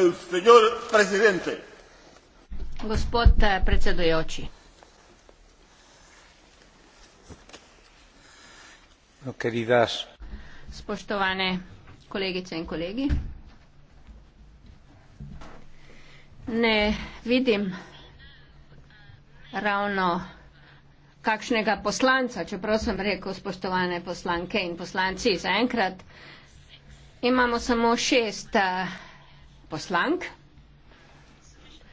señor presidente. Gospod eh, predsedujoči. No, queridas. Spoštovane kolegice in kolegi. Ne vidim ravno kakšnega poslanca, čeprav sem rekel spoštovane poslanke in poslanci zaenkrat. Imamo samo šest uh, poslank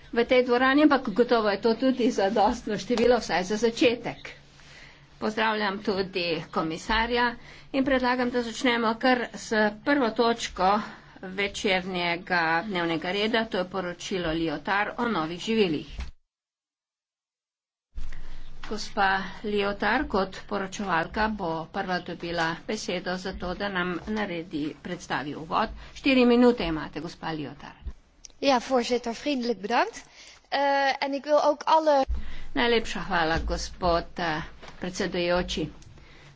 v tej dvorani, ampak gotovo je to tudi zadostno število, vsaj za začetek. Pozdravljam tudi komisarja in predlagam, da začnemo kar s prvo točko večernjega dnevnega reda, to je poročilo Liotar o novih živilih. Gospa Liotar kot poročevalka bo prva dobila besedo za to, da nam naredi predstavi uvod. Štiri minute imate, gospa Liotar. Ja, voorzitter, vriendelijk bedankt. Uh, en ik wil ook alle... Najlepša hvala, gospod uh, predsedujoči.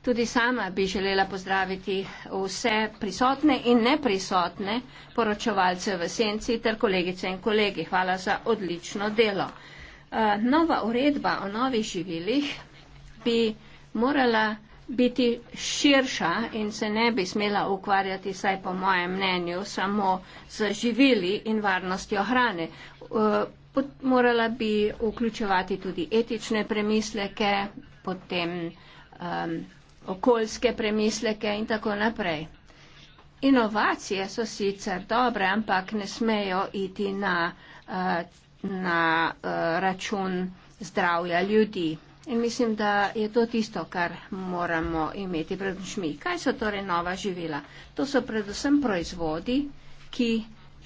Tudi sama bi želela pozdraviti vse prisotne in neprisotne poročevalce v senci ter kolegice in kolegi. Hvala za odlično delo. Uh, Eh, nova uredba o novih živilih bi morala biti širša in se ne bi smela ukvarjati, saj po mojem mnenju, samo z živili in varnostjo hrane. Eh, morala bi vključevati tudi etične premisleke, potem um, okoljske premisleke in tako naprej. Inovacije so sicer dobre, ampak ne smejo iti na, uh, na uh, račun zdravja ljudi. In mislim, da je to tisto, kar moramo imeti pred očmi. Kaj so torej nova živila? To so predvsem proizvodi, ki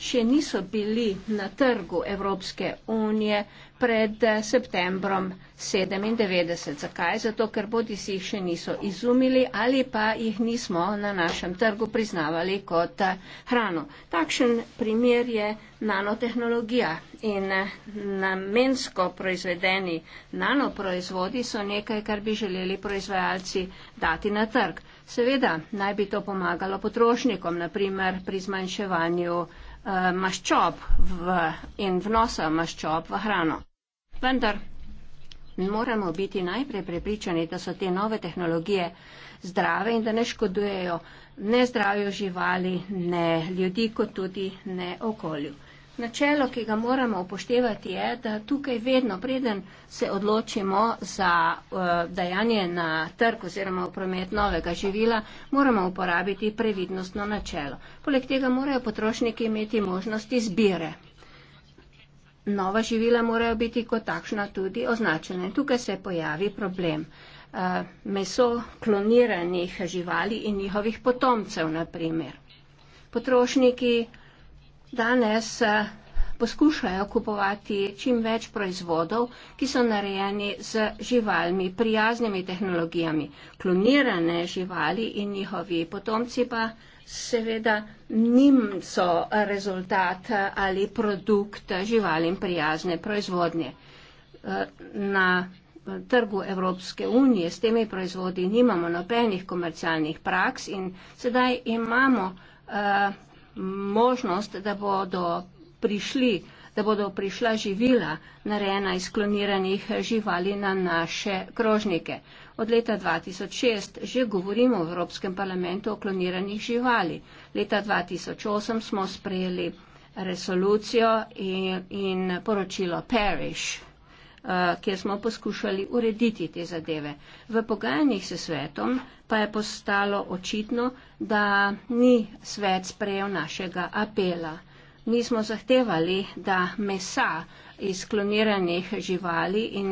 še niso bili na trgu Evropske unije pred eh, septembrom 1997. Zakaj? Zato, ker bodi si jih še niso izumili ali pa jih nismo na našem trgu priznavali kot eh, hrano. Takšen primer je nanotehnologija in eh, namensko proizvedeni nanoproizvodi so nekaj, kar bi želeli proizvajalci dati na trg. Seveda, naj bi to pomagalo potrošnikom, naprimer pri zmanjševanju Eh, maščob v, in vnosa maščob v hrano. Vendar moramo biti najprej prepričani, da so te nove tehnologije zdrave in da ne škodujejo ne zdravju živali, ne ljudi, kot tudi ne okolju. Načelo, ki ga moramo upoštevati, je, da tukaj vedno, preden se odločimo za uh, dajanje na trg oziroma v promet novega živila, moramo uporabiti previdnostno načelo. Poleg tega morajo potrošniki imeti možnost izbire. Nova živila morajo biti kot takšna tudi označena. In tukaj se pojavi problem. Uh, meso kloniranih živali in njihovih potomcev, na primer. Potrošniki danes eh, poskušajo kupovati čim več proizvodov, ki so narejeni z živalmi, prijaznimi tehnologijami. Klonirane živali in njihovi potomci pa seveda njim so rezultat eh, ali produkt živalim prijazne proizvodnje. Eh, na trgu Evropske unije s temi proizvodi nimamo nobenih komercialnih praks in sedaj imamo možnost, da bodo prišli, da bodo prišla živila narejena iz kloniranih živali na naše krožnike. Od leta 2006 že govorimo v Evropskem parlamentu o kloniranih živali. Leta 2008 smo sprejeli resolucijo in, in poročilo Parish. Eh, kjer smo poskušali urediti te zadeve. V pogajanjih s svetom pa je postalo očitno, da ni svet sprejel našega apela. Mi smo zahtevali, da mesa iz kloniranih živali in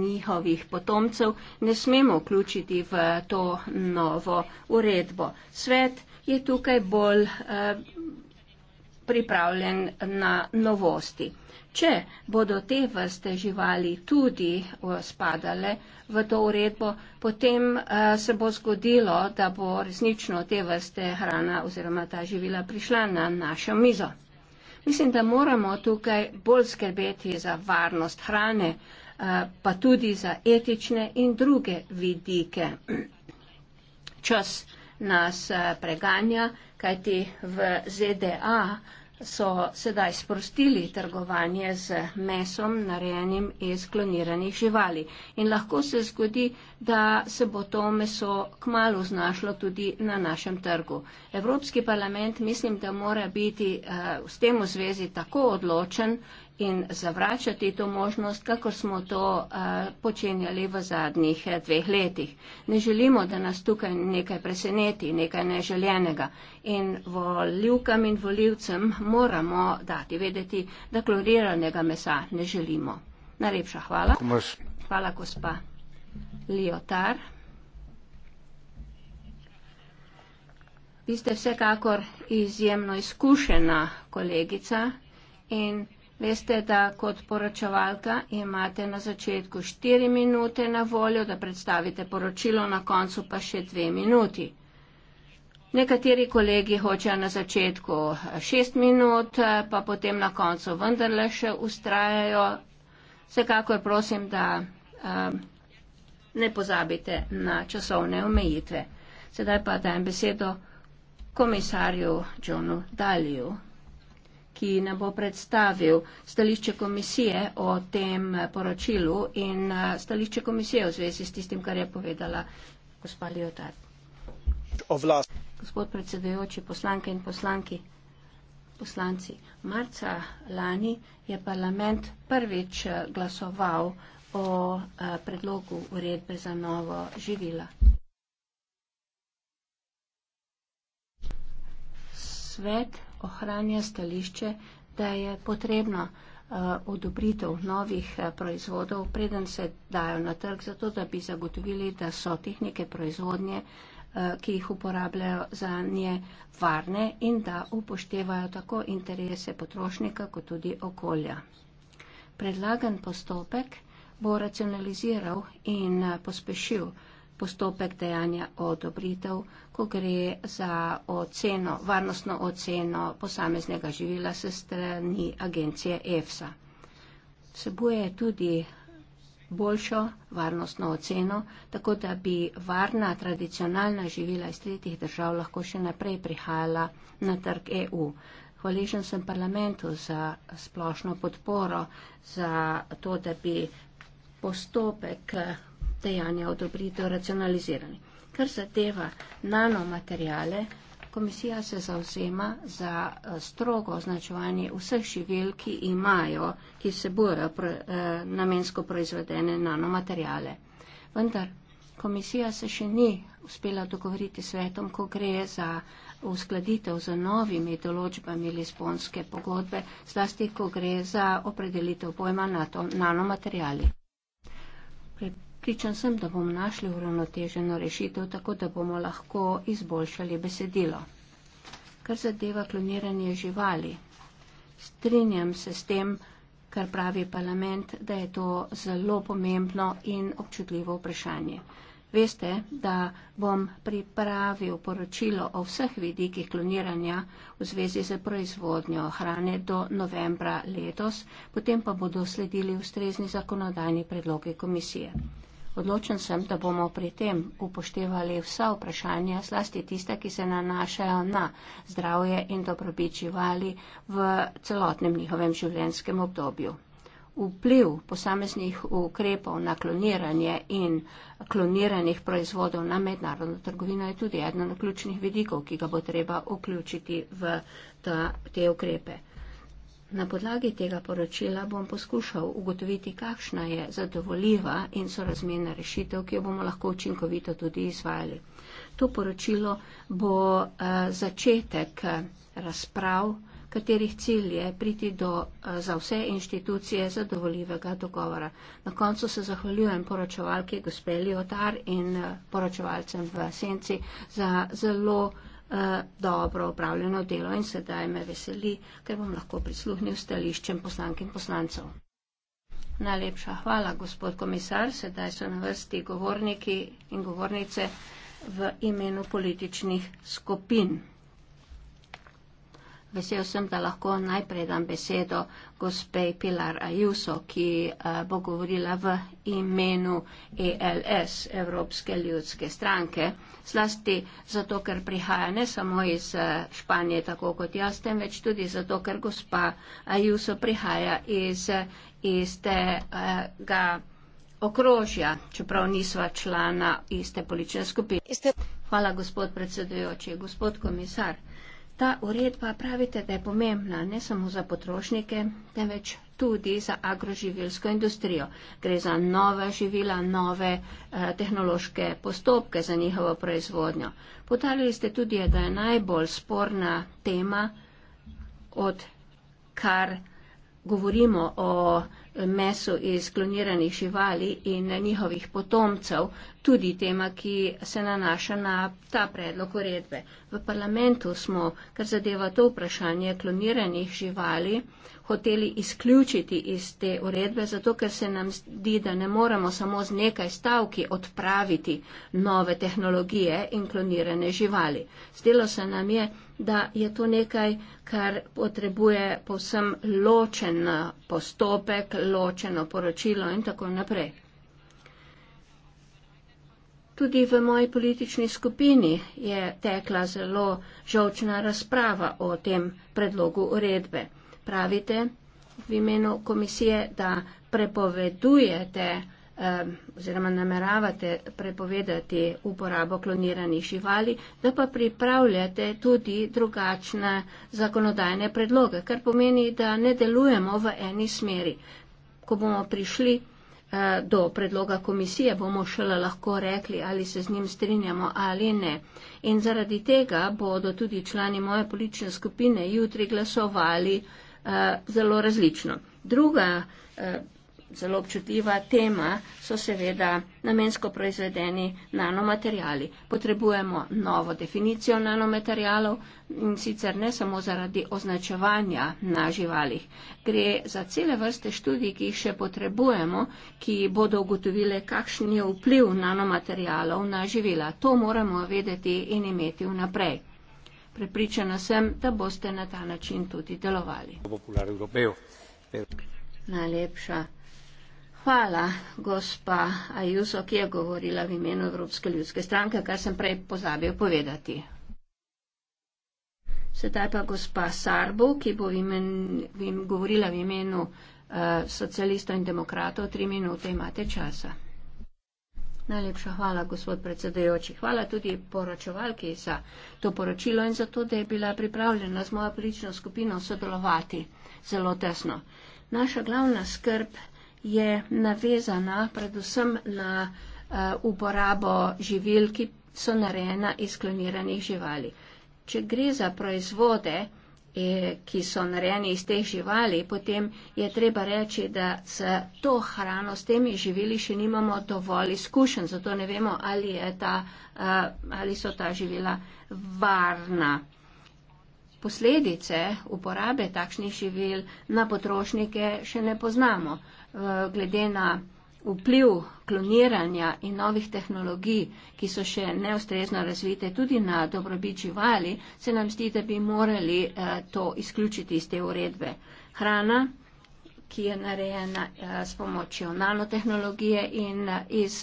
njihovih potomcev ne smemo vključiti v to novo uredbo. Svet je tukaj bolj eh, pripravljen na novosti. Če bodo te vrste živali tudi spadale v to uredbo, potem eh, se bo zgodilo, da bo resnično te vrste hrana oziroma ta živila prišla na našo mizo. Mislim, da moramo tukaj bolj skrbeti za varnost hrane, eh, pa tudi za etične in druge vidike. Čas nas eh, preganja, kajti v ZDA so sedaj sprostili trgovanje z mesom, narejenim iz kloniranih živali. In lahko se zgodi, da se bo to meso kmalo znašlo tudi na našem trgu. Evropski parlament mislim, da mora biti uh, s tem v zvezi tako odločen, uh, in zavračati to možnost, kako smo to eh, počenjali v zadnjih eh, dveh letih. Ne želimo, da nas tukaj nekaj preseneti, nekaj neželjenega in voljivkam in voljivcem moramo dati vedeti, da kloriranega mesa ne želimo. Najlepša hvala. Hvala, gospa Liotar. Vi ste vsekakor izjemno izkušena kolegica in Veste, da kot poročevalka imate na začetku 4 minute na voljo, da predstavite poročilo, na koncu pa še 2 minuti. Nekateri kolegi hočejo na začetku 6 eh, minut, eh, pa potem na koncu vendarle še ustrajajo. Vsekako je prosim, da um, ne pozabite na časovne omejitve. Sedaj pa dajem besedo komisarju Johnu Daliju ki nam bo predstavil stališče komisije o tem poročilu in eh, stališče komisije v zvezi s tistim, kar je povedala gospa Liotard. Gospod predsedujoči, poslanke in poslanki, poslanci. Marca lani je parlament prvič eh, glasoval o eh, predlogu uredbe za novo živila. Svet ohranja stališče, da je potrebno eh, odobritev novih eh, proizvodov, preden se dajo na trg, zato da bi zagotovili, da so tehnike proizvodnje, eh, ki jih uporabljajo za nje, varne in da upoštevajo tako interese potrošnika kot tudi okolja. Predlagan postopek bo racionaliziral in pospešil proizvodnje, postopek dejanja odobritev, ko gre za oceno, varnostno oceno posameznega živila se strani agencije EFSA. Vsebuje tudi boljšo varnostno oceno, tako da bi varna tradicionalna živila iz tretjih držav lahko še naprej prihajala na trg EU. Hvaležen sem parlamentu za splošno podporo, za to, da bi postopek dejanja odobritev racionalizirani. Kar zadeva nanomaterijale, komisija se zavzema za eh, strogo označevanje vseh živil, ki imajo, ki se bojo pro, eh, namensko proizvedene nanomaterijale. Vendar komisija se še ni uspela dogovoriti s svetom, ko gre za uskladitev z novimi določbami Lisbonske pogodbe, zlasti ko gre za opredelitev pojma na to nanomaterijali. Pri Pričan sem, da bom našli uravnoteženo rešitev, tako da bomo lahko izboljšali besedilo. Kar zadeva kloniranje živali, strinjam se s tem, kar pravi parlament, da je to zelo pomembno in občutljivo vprašanje. Veste, da bom pripravil poročilo o vseh vidikih kloniranja v zvezi z proizvodnjo hrane do novembra letos, potem pa bodo sledili ustrezni zakonodajni predloge komisije. Odločen sem, da bomo pri tem upoštevali vsa vprašanja, zlasti tiste, ki se nanašajo na zdravje in dobrobit živali v celotnem njihovem življenjskem obdobju. Vpliv posameznih ukrepov na kloniranje in kloniranih proizvodov na mednarodno trgovino je tudi eden od ključnih vidikov, ki ga bo treba vključiti v ta, te ukrepe. Na podlagi tega poročila bom poskušal ugotoviti, kakšna je zadovoljiva in sorazmerna rešitev, ki jo bomo lahko učinkovito tudi izvajali. To poročilo bo eh, začetek eh, razprav, katerih cilj je priti do eh, za vse inštitucije zadovoljivega dogovora. Na koncu se zahvaljujem poročevalki gospe Liotar in poročevalcem v Senci za zelo Eh, dobro upravljeno delo in sedaj me veseli, ker bom lahko prisluhnil stališčem poslank in poslancev. Najlepša hvala, gospod komisar. Sedaj so na vrsti govorniki in govornice v imenu političnih skupin. Vesel sem, da lahko najprej dam besedo gospej Pilar Ajuso, ki eh, bo govorila v imenu ELS, Evropske ljudske stranke. Zlasti zato, ker prihaja ne samo iz eh, Španije, tako kot jaz, temveč tudi zato, ker gospa Ajuso prihaja iz istega eh, okrožja, čeprav nisva člana iste politične skupine. Hvala, gospod predsedujoči. Gospod komisar. Ta uredba pravite, da je pomembna ne samo za potrošnike, temveč tudi za agroživilsko industrijo. Gre za nova živila, nove eh, tehnološke postopke za njihovo proizvodnjo. Potalili ste tudi, da je najbolj sporna tema, odkar govorimo o meso iz kloniranih živali in njihovih potomcev, tudi tema, ki se nanaša na ta predlog uredbe. V parlamentu smo, kar zadeva to vprašanje kloniranih živali, hoteli izključiti iz te uredbe, zato ker se nam zdi, da ne moremo samo z nekaj stavki odpraviti nove tehnologije in klonirane živali. Zdelo se nam je, da je to nekaj, kar potrebuje povsem ločen postopek, ločeno poročilo in tako naprej. Tudi v moji politični skupini je tekla zelo žovčna razprava o tem predlogu uredbe. Pravite v imenu komisije, da prepovedujete oziroma nameravate prepovedati uporabo kloniranih živali, da pa pripravljate tudi drugačne zakonodajne predloge, kar pomeni, da ne delujemo v eni smeri. Ko bomo prišli eh, do predloga komisije, bomo šele lahko rekli, ali se z njim strinjamo ali ne. In zaradi tega bodo tudi člani moje politične skupine jutri glasovali eh, zelo različno. Druga eh, zelo občutljiva tema, so seveda namensko proizvedeni nanomaterjali. Potrebujemo novo definicijo nanomaterjalov in sicer ne samo zaradi označevanja na živalih. Gre za cele vrste študij, ki jih še potrebujemo, ki bodo ugotovile, kakšen je vpliv nanomaterjalov na živila. To moramo vedeti in imeti vnaprej. Prepričana sem, da boste na ta način tudi delovali. Najlepša. Hvala, gospa Ajuso, ki je govorila v imenu Evropske ljudske stranke, kar sem prej pozabil povedati. Sedaj pa gospa Sarbo, ki bo v imen, v im, govorila v imenu uh, socialistov in demokratov, tri minute imate časa. Najlepša hvala, gospod predsedujoči. Hvala tudi poročevalki za to poročilo in za to, da je bila pripravljena z mojo politično skupino sodelovati zelo tesno. Naša glavna skrb je navezana predvsem na uh, uporabo živil, ki so narejena iz kloniranih živali. Če gre za proizvode, eh, ki so narejeni iz teh živali, potem je treba reči, da s to hrano, s temi živili še nimamo dovolj izkušen, zato ne vemo, ali, ta, eh, ali so ta živila varna. Posledice uporabe takšnih živil na potrošnike še ne poznamo. Eh, glede na vpliv kloniranja in novih tehnologij, ki so še neustrezno razvite tudi na dobrobit živali, se nam zdi, da bi morali eh, to izključiti iz te uredbe. Hrana, ki je narejena eh, s pomočjo nanotehnologije in iz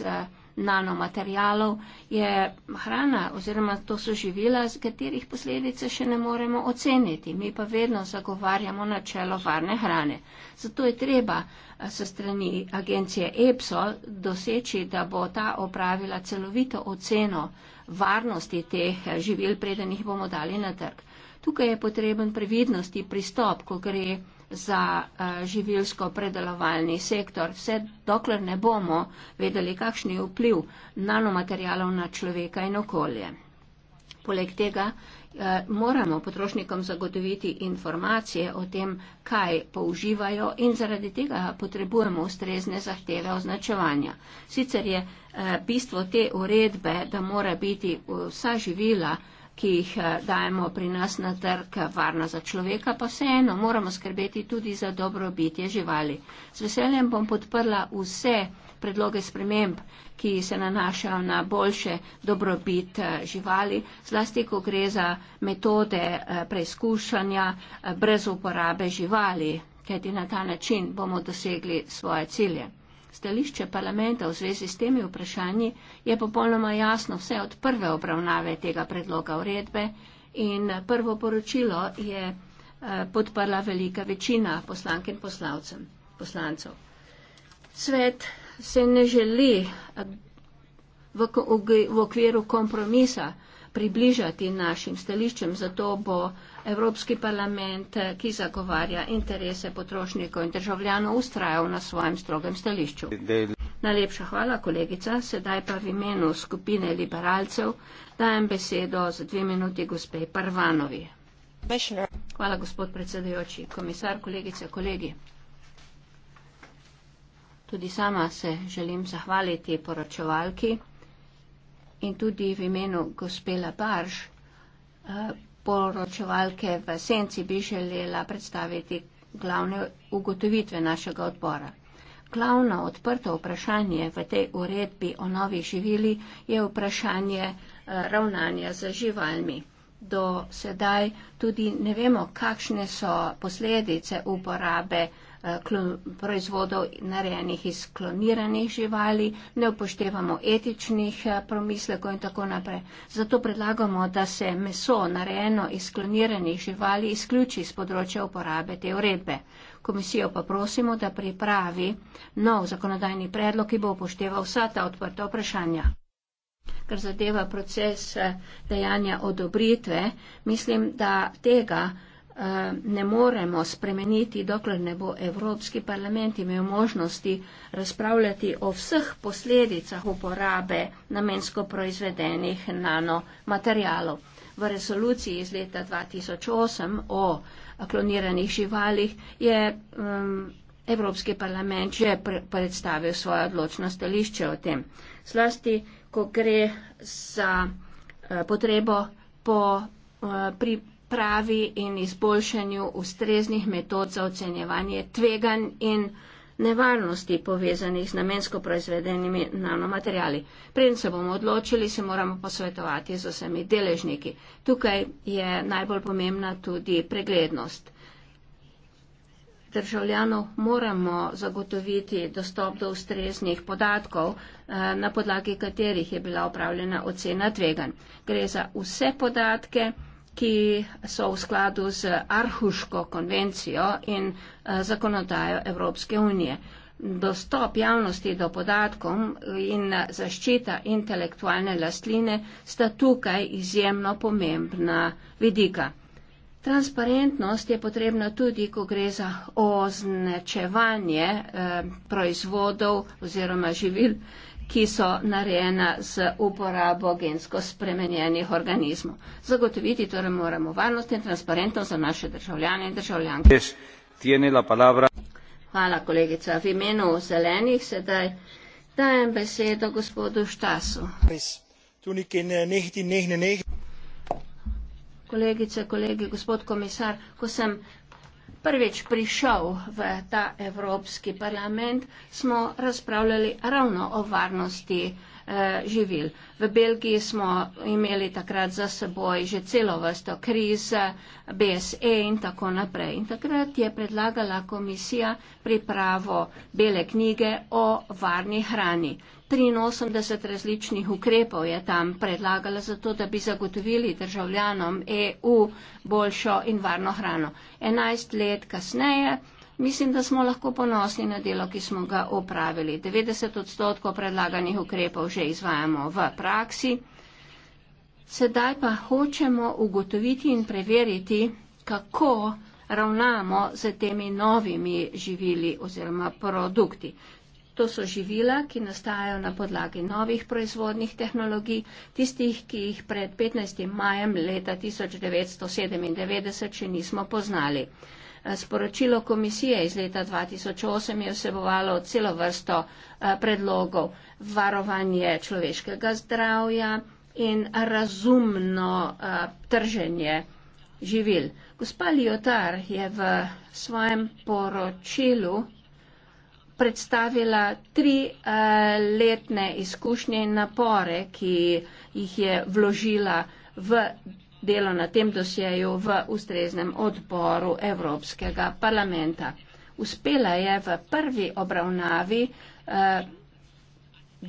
nanomaterialov, je hrana oziroma to so živila, z katerih posledice še ne moremo oceniti. Mi pa vedno zagovarjamo načelo varne hrane. Zato je treba eh, so strani agencije EPSO doseči, da bo ta opravila celovito oceno varnosti teh eh, živil, preden jih bomo dali na trg. Tukaj je potreben previdnosti pristop, ko gre za eh, živilsko-predelovalni sektor. Vse dokler ne bomo vedeli, kakšen je vpliv nanomaterjalov na človeka in okolje. Poleg tega eh, moramo potrošnikom zagotoviti informacije o tem, kaj použivajo in zaradi tega potrebujemo ustrezne zahteve označevanja. Sicer je eh, bistvo te uredbe, da mora biti vsa živila ki jih eh, dajemo pri nas na trg, varna za človeka, pa vseeno moramo skrbeti tudi za dobrobitje živali. Z veseljem bom podprla vse predloge sprememb, ki se nanašajo na boljše dobrobit eh, živali, zlasti, ko gre za metode eh, preizkušanja brez uporabe živali, kajti na ta način bomo dosegli svoje cilje. Stališče parlamenta v zvezi s temi vprašanji je popolnoma jasno vse od prve obravnave tega predloga uredbe in prvo poročilo je eh, podprla velika večina poslank in poslancev. Svet se ne želi eh, v okviru kompromisa približati našim stališčem, zato bo Evropski parlament, ki zagovarja interese potrošnikov in državljanov, ustrajal na svojem strogem stališču. Najlepša hvala, kolegica. Sedaj pa v imenu skupine liberalcev dajem besedo za dve minuti gospej Parvanovi. Hvala, gospod predsedujoči. Komisar, kolegice, kolegi. Tudi sama se želim zahvaliti poročevalki in tudi v imenu gospela Barž, uh, eh, poročevalke v Senci, bi želela predstaviti glavne ugotovitve našega odbora. Glavno odprto vprašanje v tej uredbi o novih živili je vprašanje uh, ravnanja z živalmi. Do sedaj tudi ne vemo, kakšne so posledice uporabe uh, Eh, proizvodov narejenih iz kloniranih živali, ne upoštevamo etičnih eh, promislekov in tako naprej. Zato predlagamo, da se meso narejeno iz kloniranih živali izključi iz področja uporabe te uredbe. Komisijo pa prosimo, da pripravi nov zakonodajni predlog, ki bo upošteval vsa ta odprta vprašanja. Kar zadeva proces eh, dejanja odobritve, mislim, da tega Eh, ne moremo spremeniti, dokler ne bo Evropski parlament imel možnosti razpravljati o vseh posledicah uporabe namensko proizvedenih nanomaterialov. V resoluciji iz leta 2008 o kloniranih živalih je um, Evropski parlament že pre predstavil svoje odločno stališče o tem. Zlasti, ko gre za uh, potrebo po uh, eh, pripravljanju pripravi in izboljšanju ustreznih metod za ocenjevanje tvegan in nevarnosti povezanih z namensko proizvedenimi nanomateriali. Preden se bomo odločili, se moramo posvetovati z vsemi deležniki. Tukaj je najbolj pomembna tudi preglednost. Državljanov moramo zagotoviti dostop do ustreznih podatkov, eh, na podlagi katerih je bila opravljena ocena tvegan. Gre za vse podatke, ki so v skladu z Arhuško konvencijo in eh, zakonodajo Evropske unije. Dostop javnosti do podatkov in eh, zaščita intelektualne lastline sta tukaj izjemno pomembna vidika. Transparentnost je potrebna tudi, ko gre za označevanje eh, proizvodov oziroma živil eh, ki so narejena z uporabo gensko spremenjenih organizmov. Zagotoviti torej moramo varnost in transparentnost za naše državljane in državljanke. Hvala, kolegica. V imenu zelenih sedaj dajem besedo gospodu Štasu. Kolegice, kolegi, gospod komisar, ko sem prvič prišel v ta Evropski parlament, smo razpravljali ravno o varnosti eh, živil. V Belgiji smo imeli takrat za seboj že celo vrsto kriz, BSE in tako naprej. In takrat je predlagala komisija pripravo bele knjige o varni hrani. 83 različnih ukrepov je tam predlagala za to, da bi zagotovili državljanom EU boljšo in varno hrano. 11 let kasneje mislim, da smo lahko ponosni na delo, ki smo ga opravili. 90 odstotkov predlaganih ukrepov že izvajamo v praksi. Sedaj pa hočemo ugotoviti in preveriti, kako ravnamo z temi novimi živili oziroma produkti. To so živila, ki nastajajo na podlagi novih proizvodnih tehnologij, tistih, ki jih pred 15. majem leta 1997 še nismo poznali. Eh, sporočilo komisije iz leta 2008 je vsebovalo celo vrsto eh, predlogov varovanje človeškega zdravja in razumno eh, trženje živil. Gospa Liotar je v svojem poročilu predstavila tri uh, letne izkušnje in napore, ki jih je vložila v delo na tem dosjeju v ustreznem odboru Evropskega parlamenta. Uspela je v prvi obravnavi uh,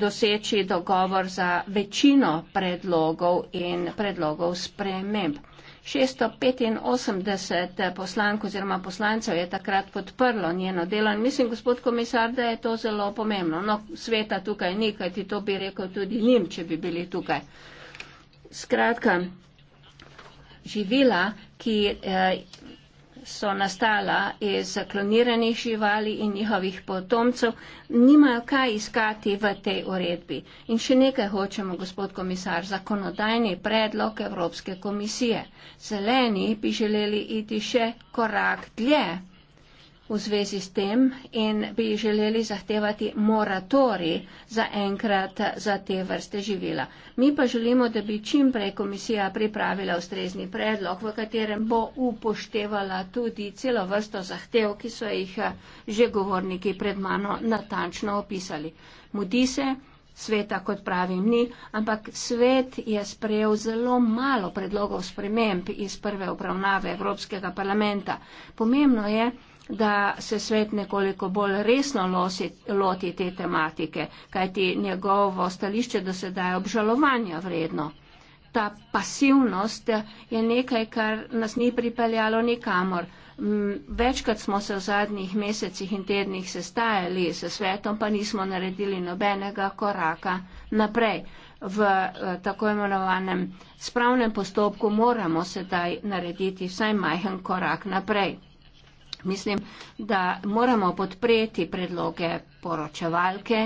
doseči dogovor za večino predlogov in predlogov sprememb. 685 poslank oziroma poslancev je takrat podprlo njeno delo in mislim, gospod komisar, da je to zelo pomembno. No, sveta tukaj ni, kaj ti to bi rekel tudi njim, če bi bili tukaj. Skratka, živila, ki. Eh, so nastala iz kloniranih živali in njihovih potomcev, nimajo kaj iskati v tej uredbi. In še nekaj hočemo, gospod komisar, zakonodajni predlog Evropske komisije. Zeleni bi želeli iti še korak dlje v zvezi s tem in bi želeli zahtevati moratori za enkrat za te vrste živila. Mi pa želimo, da bi čim prej komisija pripravila ustrezni predlog, v katerem bo upoštevala tudi celo vrsto zahtev, ki so jih eh, že govorniki pred mano natančno opisali. Mudi se, sveta, kot pravim, ni, ampak svet je sprejel zelo malo predlogov sprememb iz prve obravnave Evropskega parlamenta. Pomembno je, da se svet nekoliko bolj resno losi, loti te tematike, kajti njegovo stališče do sedaj je obžalovanja vredno. Ta pasivnost je nekaj, kar nas ni pripeljalo nikamor. Večkrat smo se v zadnjih mesecih in tednih sestajali s svetom, pa nismo naredili nobenega koraka naprej. V eh, tako imenovanem spravnem postopku moramo sedaj narediti vsaj majhen korak naprej. Mislim, da moramo podpreti predloge poročevalke.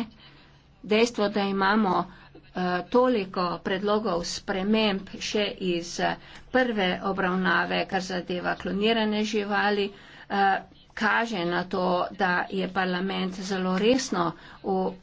Dejstvo, da imamo eh, toliko predlogov sprememb še iz eh, prve obravnave, kar zadeva klonirane živali, eh, kaže na to, da je parlament zelo resno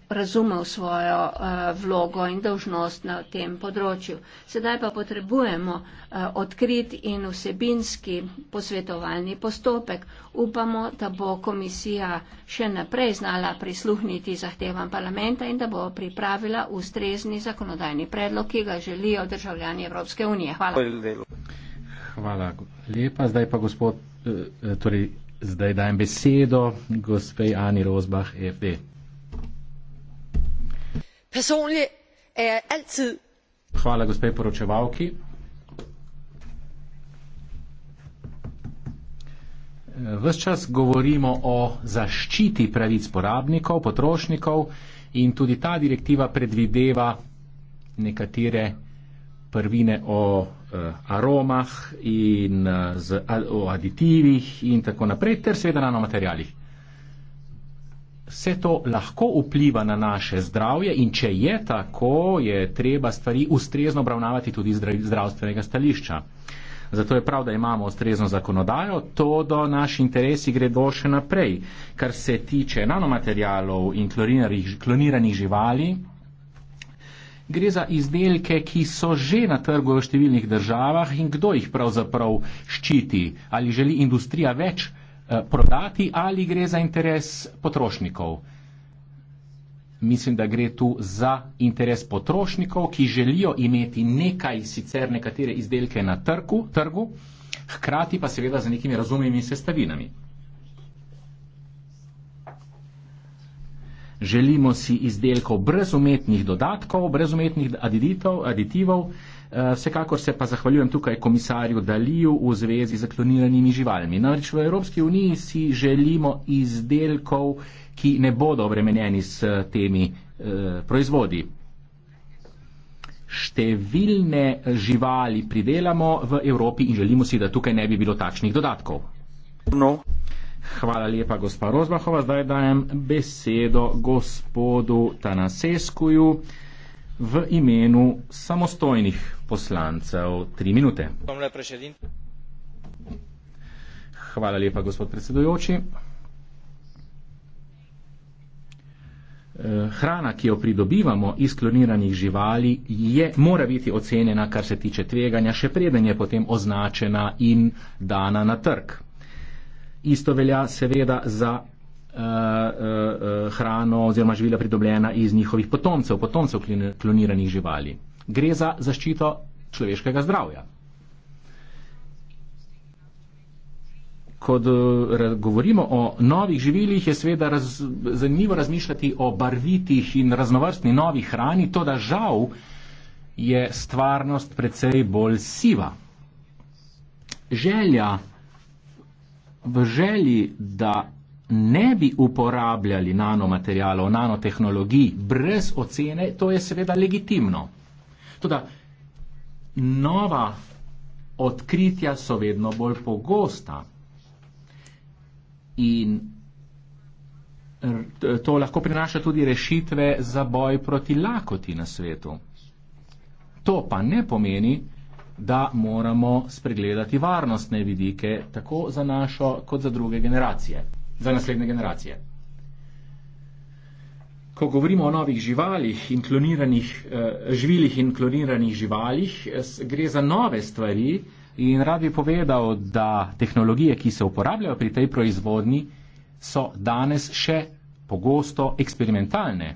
razumel svojo eh, vlogo in dožnost na tem področju. Sedaj pa potrebujemo eh, odkrit in vsebinski posvetovalni postopek. Upamo, da bo komisija še naprej znala prisluhniti zahtevam parlamenta in da bo pripravila ustrezni zakonodajni predlog, ki ga želijo državljani Evropske unije. Hvala. Hvala lepa. Zdaj pa gospod, eh, torej Zdaj dajem besedo gospe Ani Rozbah, e FD. Personlje er je alci. Hvala gospe poročevalki. Ves čas govorimo o zaščiti pravic porabnikov, potrošnikov in tudi ta direktiva predvideva nekatere prvine o eh, aromah in eh, z, o aditivih in tako naprej, ter seveda na materijalih. Vse to lahko vpliva na naše zdravje in če je tako, je treba stvari ustrezno obravnavati tudi iz zdravstvenega stališča. Zato je prav, da imamo ustrezno zakonodajo, to do naši interesi gredo še naprej. Kar se tiče nanomaterjalov in kloniranih živali, gre za izdelke, ki so že na trgu v številnih državah in kdo jih pravzaprav ščiti. Ali želi industrija več eh, prodati ali gre za interes potrošnikov. Mislim, da gre tu za interes potrošnikov, ki želijo imeti nekaj sicer nekatere izdelke na trgu, trgu hkrati pa seveda za nekimi razumnimi sestavinami. želimo si izdelkov brez umetnih dodatkov, brez umetnih aditiv, aditivov. Eh, vsekakor se pa zahvaljujem tukaj komisarju Daliju v zvezi z kloniranimi živalmi. Namreč v Evropski uniji si želimo izdelkov, ki ne bodo obremenjeni s eh, temi eh, proizvodi. Številne živali pridelamo v Evropi in želimo si, da tukaj ne bi bilo takšnih dodatkov. No. Hvala lepa, gospa Rozbahova. Zdaj dajem besedo gospodu Tanaseskuju v imenu samostojnih poslancev. Tri minute. Hvala lepa, gospod predsedujoči. Eh, hrana, ki jo pridobivamo iz kloniranih živali, je, mora biti ocenjena, kar se tiče tveganja, še preden je potem označena in dana na trg. Isto velja seveda za uh, uh, hrano oziroma živila pridobljena iz njihovih potomcev, potomcev kloniranih živali. Gre za zaščito človeškega zdravja. Ko govorimo o novih živilih, je seveda raz, zanimivo razmišljati o barvitih in raznovrstni novih hrani, to da žal je stvarnost precej bolj siva. Želja v želji, da ne bi uporabljali nanomaterialov, nanotehnologij brez ocene, to je seveda legitimno. Toda nova odkritja so vedno bolj pogosta in to lahko prinaša tudi rešitve za boj proti lakoti na svetu. To pa ne pomeni, da moramo spregledati varnostne vidike tako za našo kot za druge generacije, za naslednje generacije. Ko govorimo o novih živalih in kloniranih eh, živilih in kloniranih živalih, eh, gre za nove stvari in rad bi povedal, da tehnologije, ki se uporabljajo pri tej proizvodni, so danes še pogosto eksperimentalne.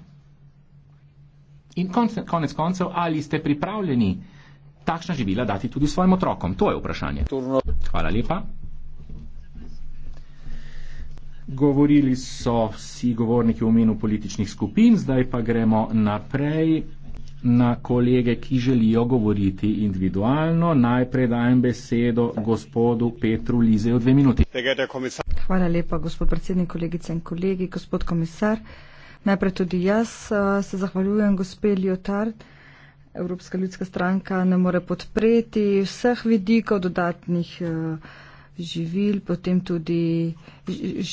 In konec koncev, ali ste pripravljeni takšna živila dati tudi svojim otrokom? To je vprašanje. Hvala lepa. Govorili so vsi govorniki v imenu političnih skupin, zdaj pa gremo naprej na kolege, ki želijo govoriti individualno. Najprej dajem besedo gospodu Petru Lize v dve minuti. Hvala lepa, gospod predsednik, kolegice in kolegi, gospod komisar. Najprej tudi jaz eh, se zahvaljujem gospe Liotard. Evropska ljudska stranka ne more podpreti vseh vidikov dodatnih eh, živil, potem tudi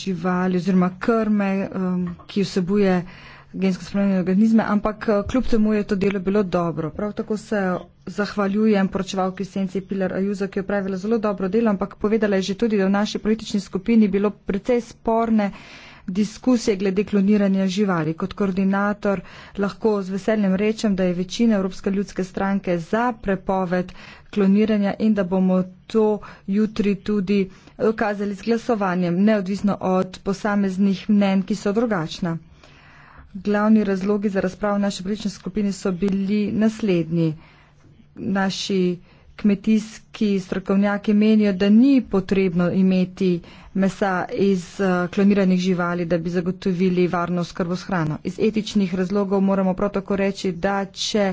živali oziroma krme, eh, ki vsebuje gensko spremenjene organizme, ampak eh, kljub temu je to delo bilo dobro. Prav tako se zahvaljujem poročevalki Senci Pilar Ajuza, ki je opravila zelo dobro delo, ampak povedala je že tudi, da v naši politični skupini bilo precej sporne diskusije glede kloniranja živali. Kot koordinator lahko z veseljem rečem, da je večina Evropske ljudske stranke za prepoved kloniranja in da bomo to jutri tudi kazali z glasovanjem, neodvisno od posameznih mnen, ki so drugačna. Glavni razlogi za razpravo naše politične skupine so bili naslednji. Naši kmetijski strokovnjaki menijo, da ni potrebno imeti mesa iz eh, kloniranih živali, da bi zagotovili varno skrbo s hrano. Iz etičnih razlogov moramo prav tako reči, da če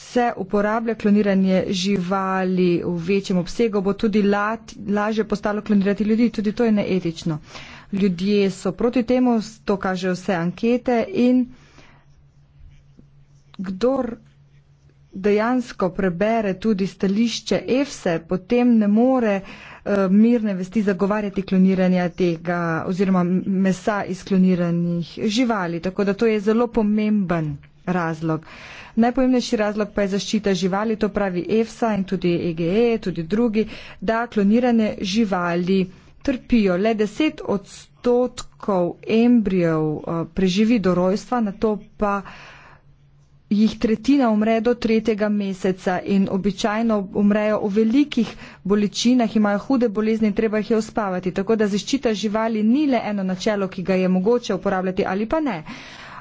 se uporablja kloniranje živali v večjem obsegu, bo tudi lat, lažje postalo klonirati ljudi. Tudi to je neetično. Ljudje so proti temu, to kažejo vse ankete in kdor dejansko prebere tudi stališče EFSE, potem ne more eh, mirne vesti zagovarjati kloniranja tega oziroma mesa iz kloniranih živali. Tako da to je zelo pomemben razlog. Najpomembnejši razlog pa je zaščita živali, to pravi EFSA in tudi EGE, e, tudi drugi, da klonirane živali trpijo. Le 10 odstotkov embrijev eh, preživi do rojstva, na to pa uh, jih tretjina umre do tretjega meseca in običajno umrejo v velikih bolečinah, imajo hude bolezni in treba jih je uspavati. Tako da zaščita živali ni le eno načelo, ki ga je mogoče uporabljati ali pa ne.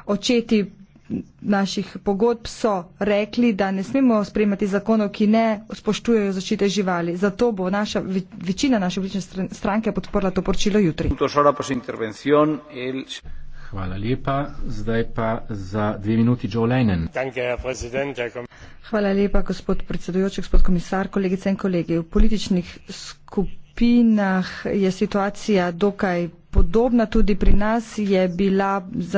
Očeti naših pogodb so rekli, da ne smemo sprejemati zakonov, ki ne spoštujejo zaščite živali. Zato bo naša, večina naše politične stranke podprla to poročilo jutri. Hvala lepa. Zdaj pa za dve minuti Joe Lennon. Hvala lepa, gospod predsedujoči, gospod komisar, kolegice in kolegi. V političnih skupinah je situacija dokaj podobna. Tudi pri nas je bila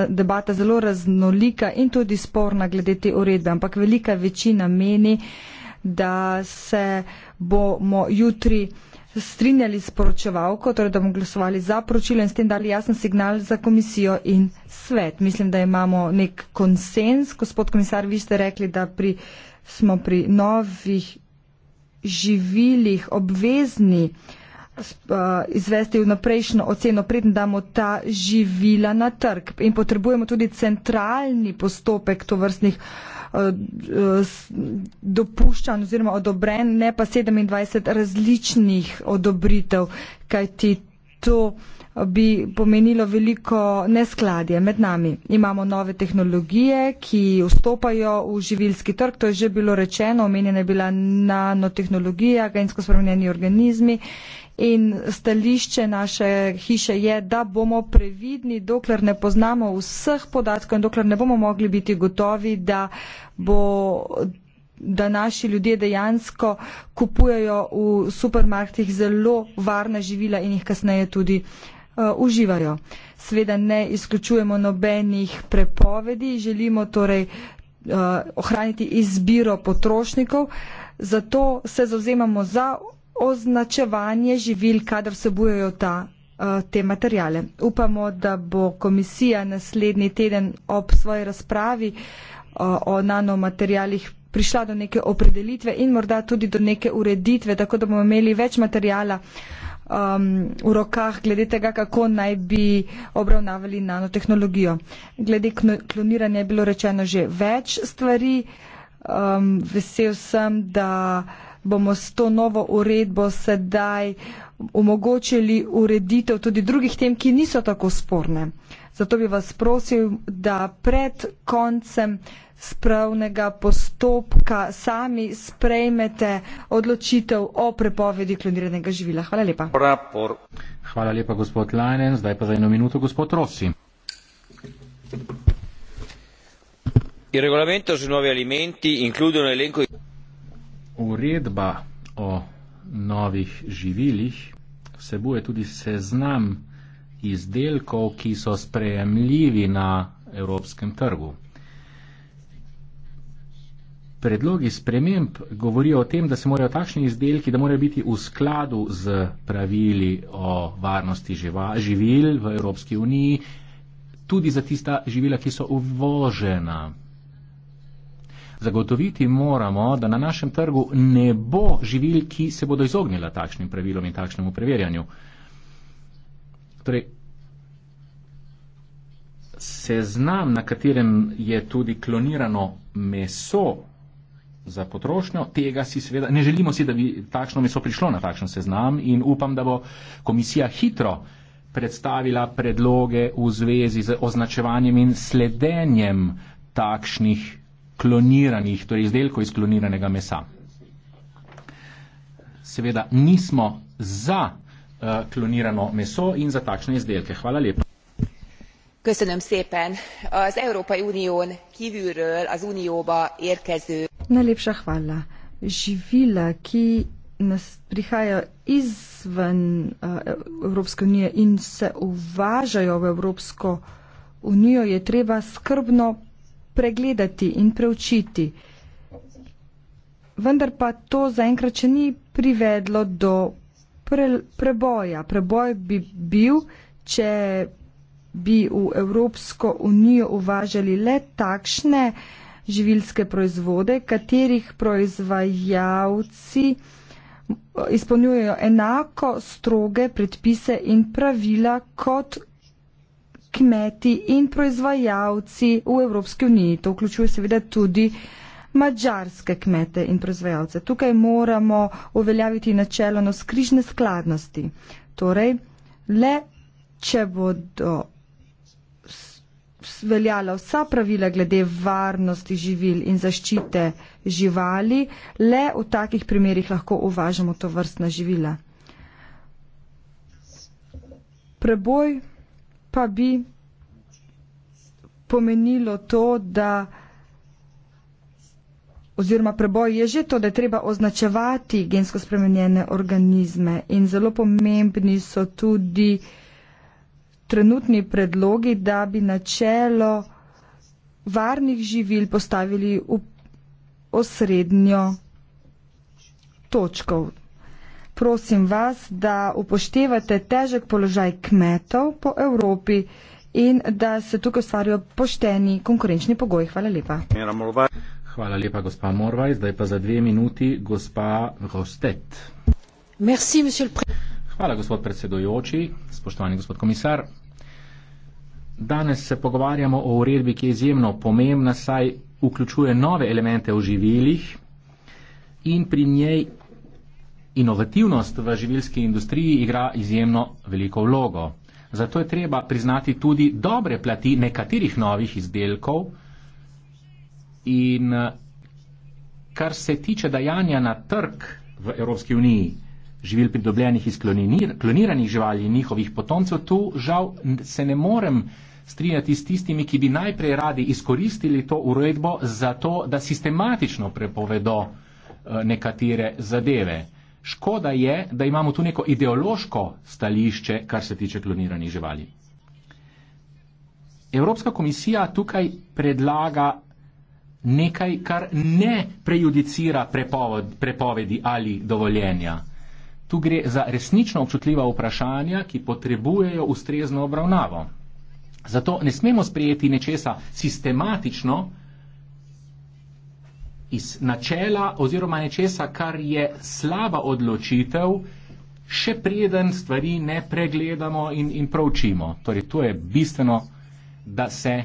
debata zelo raznolika in tudi sporna glede te uredbe, ampak velika večina meni, da se bomo jutri strinjali s poročevalko, torej da bomo glasovali za poročilo in s tem dali jasen signal za komisijo in svet. Mislim, da imamo nek konsens. Gospod komisar, vi ste rekli, da pri, smo pri novih živilih obvezni eh, izvesti vnaprejšnjo oceno, preden damo ta živila na trg. In potrebujemo tudi centralni postopek tovrstnih dopuščan oziroma odobren, ne pa 27 različnih odobritev, kajti to uh, bi pomenilo veliko neskladje med nami. Imamo nove tehnologije, ki vstopajo v živilski trg, to je že bilo rečeno, omenjena je bila nanotehnologija, gensko spremenjeni organizmi in stališče naše hiše je, da bomo previdni, dokler ne poznamo vseh podatkov in dokler ne bomo mogli biti gotovi, da bo da naši ljudje dejansko kupujejo v supermarketih zelo varna živila in jih kasneje tudi uh, Eh, uživajo. Sveda ne izključujemo nobenih prepovedi, želimo torej eh, ohraniti izbiro potrošnikov, zato se zauzemamo za označevanje živil, kadar se bujajo ta eh, te materijale. Upamo, da bo komisija naslednji teden ob svoji razpravi o nanomaterijalih prišla do neke opredelitve in morda tudi do neke ureditve, tako da bomo imeli več materijala, um, v rokah, glede tega, kako naj bi obravnavali nanotehnologijo. Glede kloniranja je bilo rečeno že več stvari. Um, vesel sem, da bomo s to novo uredbo sedaj omogočili ureditev tudi drugih tem, ki niso tako sporne. Zato bi vas prosil, da pred koncem spravnega postopka sami sprejmete odločitev o prepovedi kloniranega živila. Hvala lepa. Rapor. Hvala lepa, gospod Lajnen. Zdaj pa za eno minuto, gospod Rossi. Uredba o novih živilih vsebuje tudi seznam izdelkov, ki so sprejemljivi na evropskem trgu. Predlogi sprememb govorijo o tem, da se morajo takšni izdelki, da morajo biti v skladu z pravili o varnosti živil v Evropski uniji, tudi za tista živila, ki so uvožena. Zagotoviti moramo, da na našem trgu ne bo živil, ki se bodo izognila takšnim pravilom in takšnemu preverjanju. Torej, seznam, na katerem je tudi klonirano meso za potrošnjo, tega si seveda ne želimo si, da bi takšno meso prišlo na takšen seznam in upam, da bo komisija hitro predstavila predloge v zvezi z označevanjem in sledenjem takšnih kloniranih, torej izdelkov iz kloniranega mesa. Seveda nismo za Eh, klonirano meso in za takšne izdelke. Hvala lepa. Köszönöm szépen. Az Európai Unión kívülről az Unióba érkező. Najlepša hvala. Živila, ki nas prihajajo izven uh, Evropske unije in se uvažajo v Evropsko unijo, je treba skrbno pregledati in preučiti. Vendar pa to zaenkrat še ni privedlo do pre, preboja. Preboj bi bil, če bi v Evropsko unijo uvažali le takšne živilske proizvode, katerih proizvajalci eh, izpolnjujejo enako stroge predpise in pravila kot kmeti in proizvajalci v Evropski uniji. To vključuje seveda tudi uh, mađarske kmete in proizvajalce. Tukaj moramo uveljaviti načelo noskrižne skladnosti. Torej, le če bodo veljala vsa pravila glede varnosti živil in zaščite živali, le v takih primerjih lahko uvažamo to vrstna živila. Preboj pa bi pomenilo to, da oziroma preboj je že to, da je treba označevati gensko spremenjene organizme in zelo pomembni so tudi trenutni predlogi, da bi načelo varnih živil postavili v osrednjo točko. Prosim vas, da upoštevate težek položaj kmetov po Evropi in da se tukaj ustvarijo pošteni konkurenčni pogoji. Hvala lepa. Hvala lepa, gospa Morvaj. Zdaj pa za dve minuti, gospa Rostet. Merci, Hvala, gospod predsedujoči, spoštovani gospod komisar. Danes se pogovarjamo o uredbi, ki je izjemno pomembna, saj vključuje nove elemente v živilih in pri njej inovativnost v živilski industriji igra izjemno veliko vlogo. Zato je treba priznati tudi dobre plati nekaterih novih izdelkov, In eh, kar se tiče dajanja na trg v Evropski uniji živil pridobljenih iz kloniranih živali in njihovih potomcev, tu žal se ne morem strinjati s tistimi, ki bi najprej radi izkoristili to uredbo za to, da sistematično prepovedo eh, nekatere zadeve. Škoda je, da imamo tu neko ideološko stališče, kar se tiče kloniranih živali. Evropska komisija tukaj predlaga nekaj, kar ne prejudicira prepoved, prepovedi ali dovoljenja. Tu gre za resnično občutljiva vprašanja, ki potrebujejo ustrezno obravnavo. Zato ne smemo sprejeti nečesa sistematično iz načela oziroma nečesa, kar je slaba odločitev, še preden stvari ne pregledamo in, in proučimo. Torej, to je bistveno, da se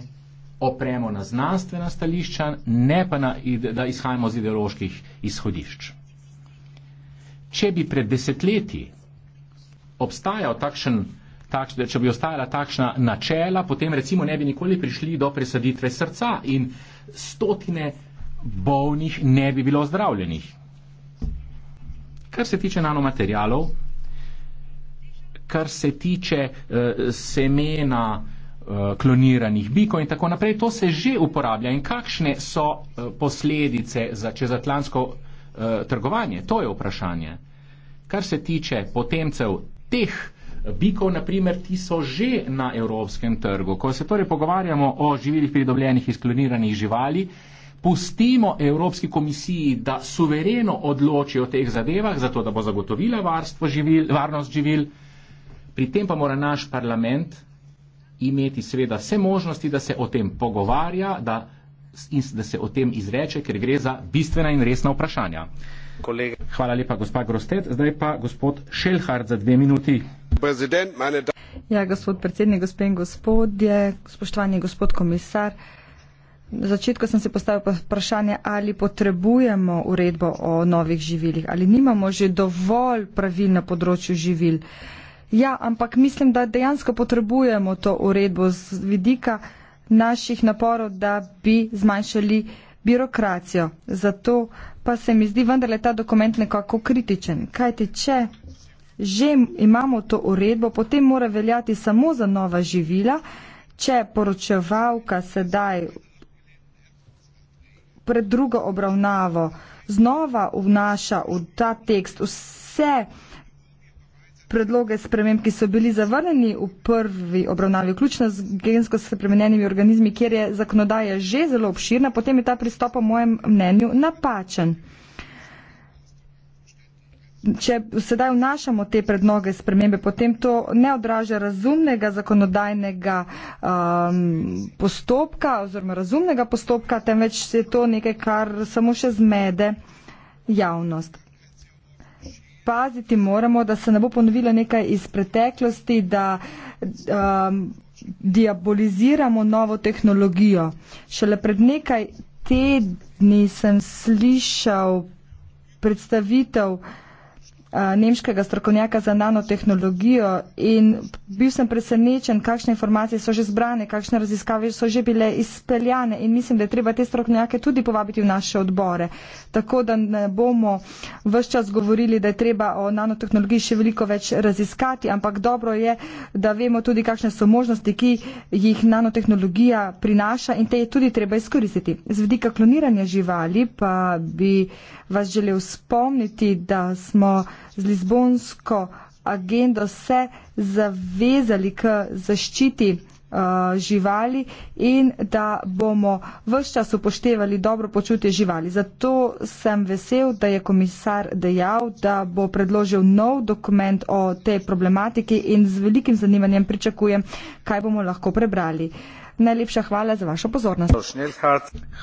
opremo na znanstvena stališča, ne pa na, da izhajamo iz ideoloških izhodišč. Če bi pred desetletji obstajal takšen, tak, če bi ostajala takšna načela, potem recimo ne bi nikoli prišli do presaditve srca in stotine bolnih ne bi bilo zdravljenih. Kar se tiče nanomaterialov, kar se tiče uh, semena, Eh, kloniranih bikov in tako naprej. To se že uporablja in kakšne so eh, posledice za čezatlansko eh, trgovanje? To je vprašanje. Kar se tiče potemcev teh bikov, naprimer, ti so že na evropskem trgu. Ko se torej pogovarjamo o živilih pridobljenih iz kloniranih živali, pustimo Evropski komisiji, da suvereno odloči o teh zadevah, zato da bo zagotovila živil, varnost živil, pri tem pa mora naš parlament imeti seveda vse možnosti, da se o tem pogovarja, da, in, da se o tem izreče, ker gre za bistvena in resna vprašanja. Kolega. Hvala lepa, gospa Grostet. Zdaj pa gospod Šelhard za dve minuti. Ja, gospod predsednik, gospe in gospodje, spoštovani gospod komisar. Na začetku sem se postavil vprašanje, ali potrebujemo uredbo o novih živilih, ali nimamo že dovolj pravil na področju živil. Uh, Ja, ampak mislim, da dejansko potrebujemo to uredbo z vidika naših naporov, da bi zmanjšali birokracijo. Zato pa se mi zdi vendarle ta dokument nekako kritičen. Kaj ti če? Že imamo to uredbo, potem mora veljati samo za nova živila. Če poročevalka sedaj pred drugo obravnavo znova vnaša v ta tekst vse, predloge sprememb, ki so bili zavrnjeni v prvi obravnavi, vključno z gensko spremenjenimi organizmi, kjer je zakonodaja že zelo obširna, potem je ta pristop po mojem mnenju napačen. Če sedaj vnašamo te predloge spremembe, potem to ne odraža razumnega zakonodajnega um, postopka oziroma razumnega postopka, temveč je to nekaj, kar samo še zmede javnost paziti moramo, da se ne bo ponovilo nekaj iz preteklosti, da um, diaboliziramo novo tehnologijo. Šele pred nekaj tedni sem slišal predstavitev uh, nemškega strokovnjaka za nanotehnologijo in bil sem presenečen, kakšne informacije so že zbrane, kakšne raziskave so že bile izpeljane in mislim, da je treba te strokovnjake tudi povabiti v naše odbore. Tako da ne bomo vse čas govorili, da je treba o nanotehnologiji še veliko več raziskati, ampak dobro je, da vemo tudi, kakšne so možnosti, ki jih nanotehnologija prinaša in te je tudi treba izkoristiti. Z vedika kloniranja živali pa bi vas želel spomniti, da smo z Lizbonsko agendo se zavezali k zaščiti uh, živali in da bomo vse čas upoštevali dobro počutje živali. Zato sem vesel, da je komisar dejal, da bo predložil nov dokument o tej problematiki in z velikim zanimanjem pričakujem, kaj bomo lahko prebrali. Uh, Najlepša hvala za vašo pozornost.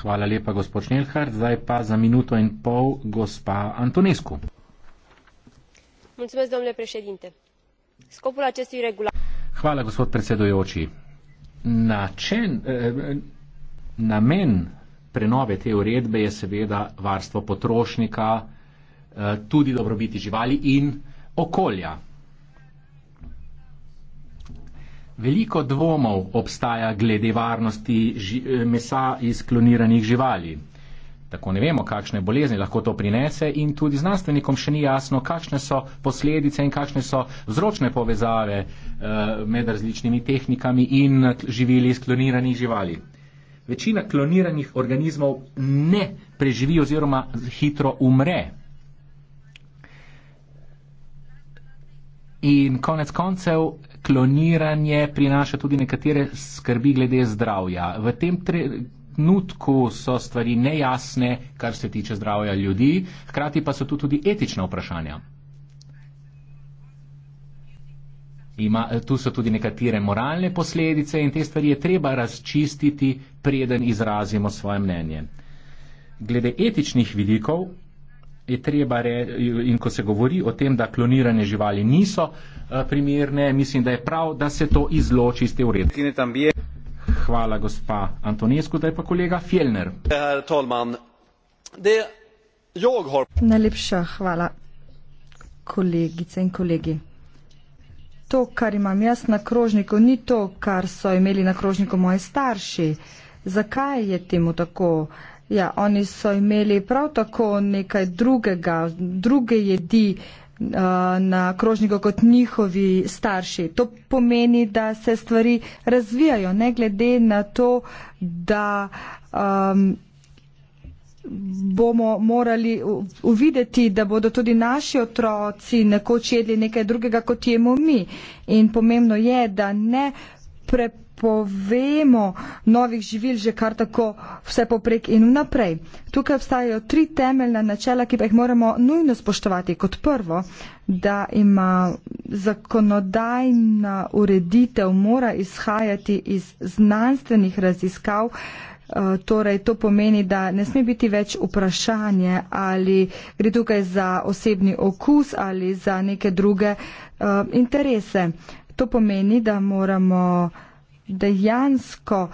Hvala lepa, gospod Šnelhart. Zdaj pa za minuto in pol, gospa Antonescu. Mulțumesc, domnule președinte. Scopul acestui regulament. Hvala, gospod predsedujoči. Način, eh, namen prenove te uredbe je seveda varstvo potrošnika, eh, tudi dobrobiti živali in okolja. Veliko dvomov obstaja glede varnosti eh, mesa iz kloniranih živali. Tako ne vemo, kakšne bolezni lahko to prinese in tudi znanstvenikom še ni jasno, kakšne so posledice in kakšne so vzročne povezave eh, med različnimi tehnikami in živili iz kloniranih živali. Večina kloniranih organizmov ne preživi oziroma hitro umre. In konec koncev, kloniranje prinaša tudi nekatere skrbi glede zdravja. V tem trenutku so stvari nejasne, kar se tiče zdravja ljudi, hkrati pa so tu tudi etična vprašanja. Ima, tu so tudi nekatere moralne posledice in te stvari je treba razčistiti, preden izrazimo svoje mnenje. Glede etičnih vidikov je treba reči in ko se govori o tem, da klonirane živali niso eh, primerne, mislim, da je prav, da se to izloči iz te uredbe. Hvala, gospa Antonescu, da je pa kolega Fjellner. Najlepša hvala, kolegice in kolegi. To, kar imam jaz na krožniku, ni to, kar so imeli na krožniku moji starši. Zakaj je temu tako? Uh, Ja, oni so imeli prav tako nekaj drugega, druge jedi uh, na krožniku kot njihovi starši. To pomeni, da se stvari razvijajo, ne glede na to, da um, bomo morali uvideti, da bodo tudi naši otroci nekoč jedli nekaj drugega kot jemo mi. In pomembno je, da ne prepravljamo povemo novih živil že kar tako vse poprek in vnaprej. Tukaj obstajajo tri temeljna načela, ki pa jih moramo nujno spoštovati. Kot prvo, da ima zakonodajna ureditev mora izhajati iz znanstvenih raziskav, eh, torej to pomeni, da ne sme biti več vprašanje, ali gre tukaj za osebni okus ali za neke druge eh, interese. To pomeni, da moramo dejansko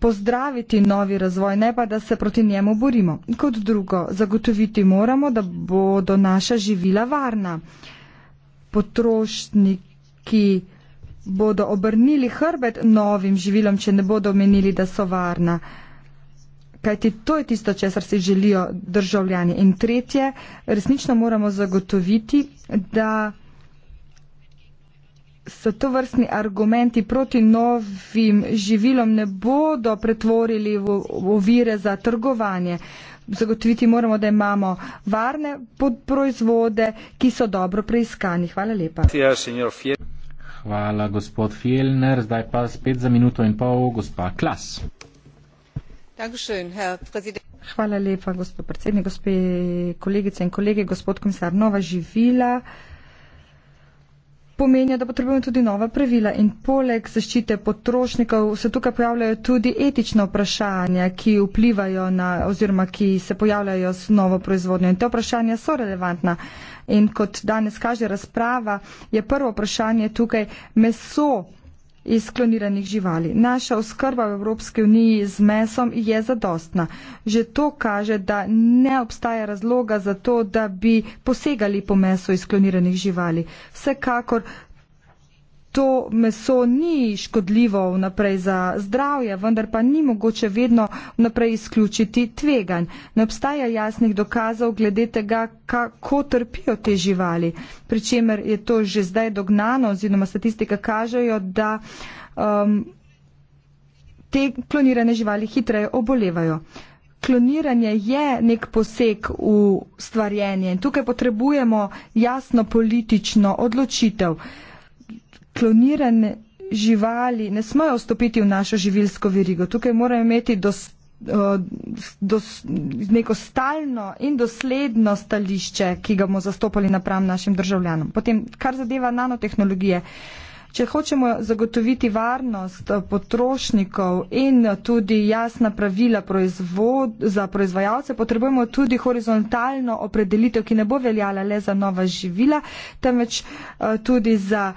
pozdraviti novi razvoj, ne pa da se proti njemu borimo. Kot drugo, zagotoviti moramo, da bodo naša živila varna. Potrošniki bodo obrnili hrbet novim živilom, če ne bodo menili, da so varna. Kajti to je tisto, česar si želijo državljani. In tretje, resnično moramo zagotoviti, da se to vrstni argumenti proti novim živilom ne bodo pretvorili v ovire za trgovanje. Zagotoviti moramo, da imamo varne podproizvode, ki so dobro preiskani. Hvala lepa. Hvala, gospod Fjellner. Zdaj pa spet za minuto in pol, gospa Klas. Hvala lepa, gospod predsednik, gospe kolegice in kolege, gospod komisar. Nova živila pomenijo, da potrebujemo tudi nova pravila in poleg zaščite potrošnikov se tukaj pojavljajo tudi etična vprašanja, ki vplivajo na oziroma ki se pojavljajo s novo proizvodnjo in te vprašanja so relevantna. In kot danes kaže razprava, je prvo vprašanje tukaj meso iz kloniranih živali. Naša oskrba v Evropski uniji z mesom je zadostna. Že to kaže, da ne obstaja razloga za to, da bi posegali po mesu iz kloniranih živali. Vsekakor to meso ni škodljivo vnaprej za zdravje, vendar pa ni mogoče vedno vnaprej izključiti tveganj. Ne obstaja jasnih dokazov glede tega, kako trpijo te živali, pri čemer je to že zdaj dognano oziroma statistika kažejo, da um, te klonirane živali hitreje obolevajo. Kloniranje je nek poseg v stvarjenje in tukaj potrebujemo jasno politično odločitev klonirane živali ne smejo vstopiti v našo živilsko verigo. Tukaj morajo imeti dos, dos, eh, dos, neko stalno in dosledno stališče, ki ga bomo zastopali napram našim državljanom. Potem, kar zadeva nanotehnologije. Uh, Če hočemo zagotoviti varnost eh, potrošnikov in tudi jasna pravila proizvod, za proizvajalce, potrebujemo tudi horizontalno opredelitev, ki ne bo veljala le za nova živila, temveč eh, tudi za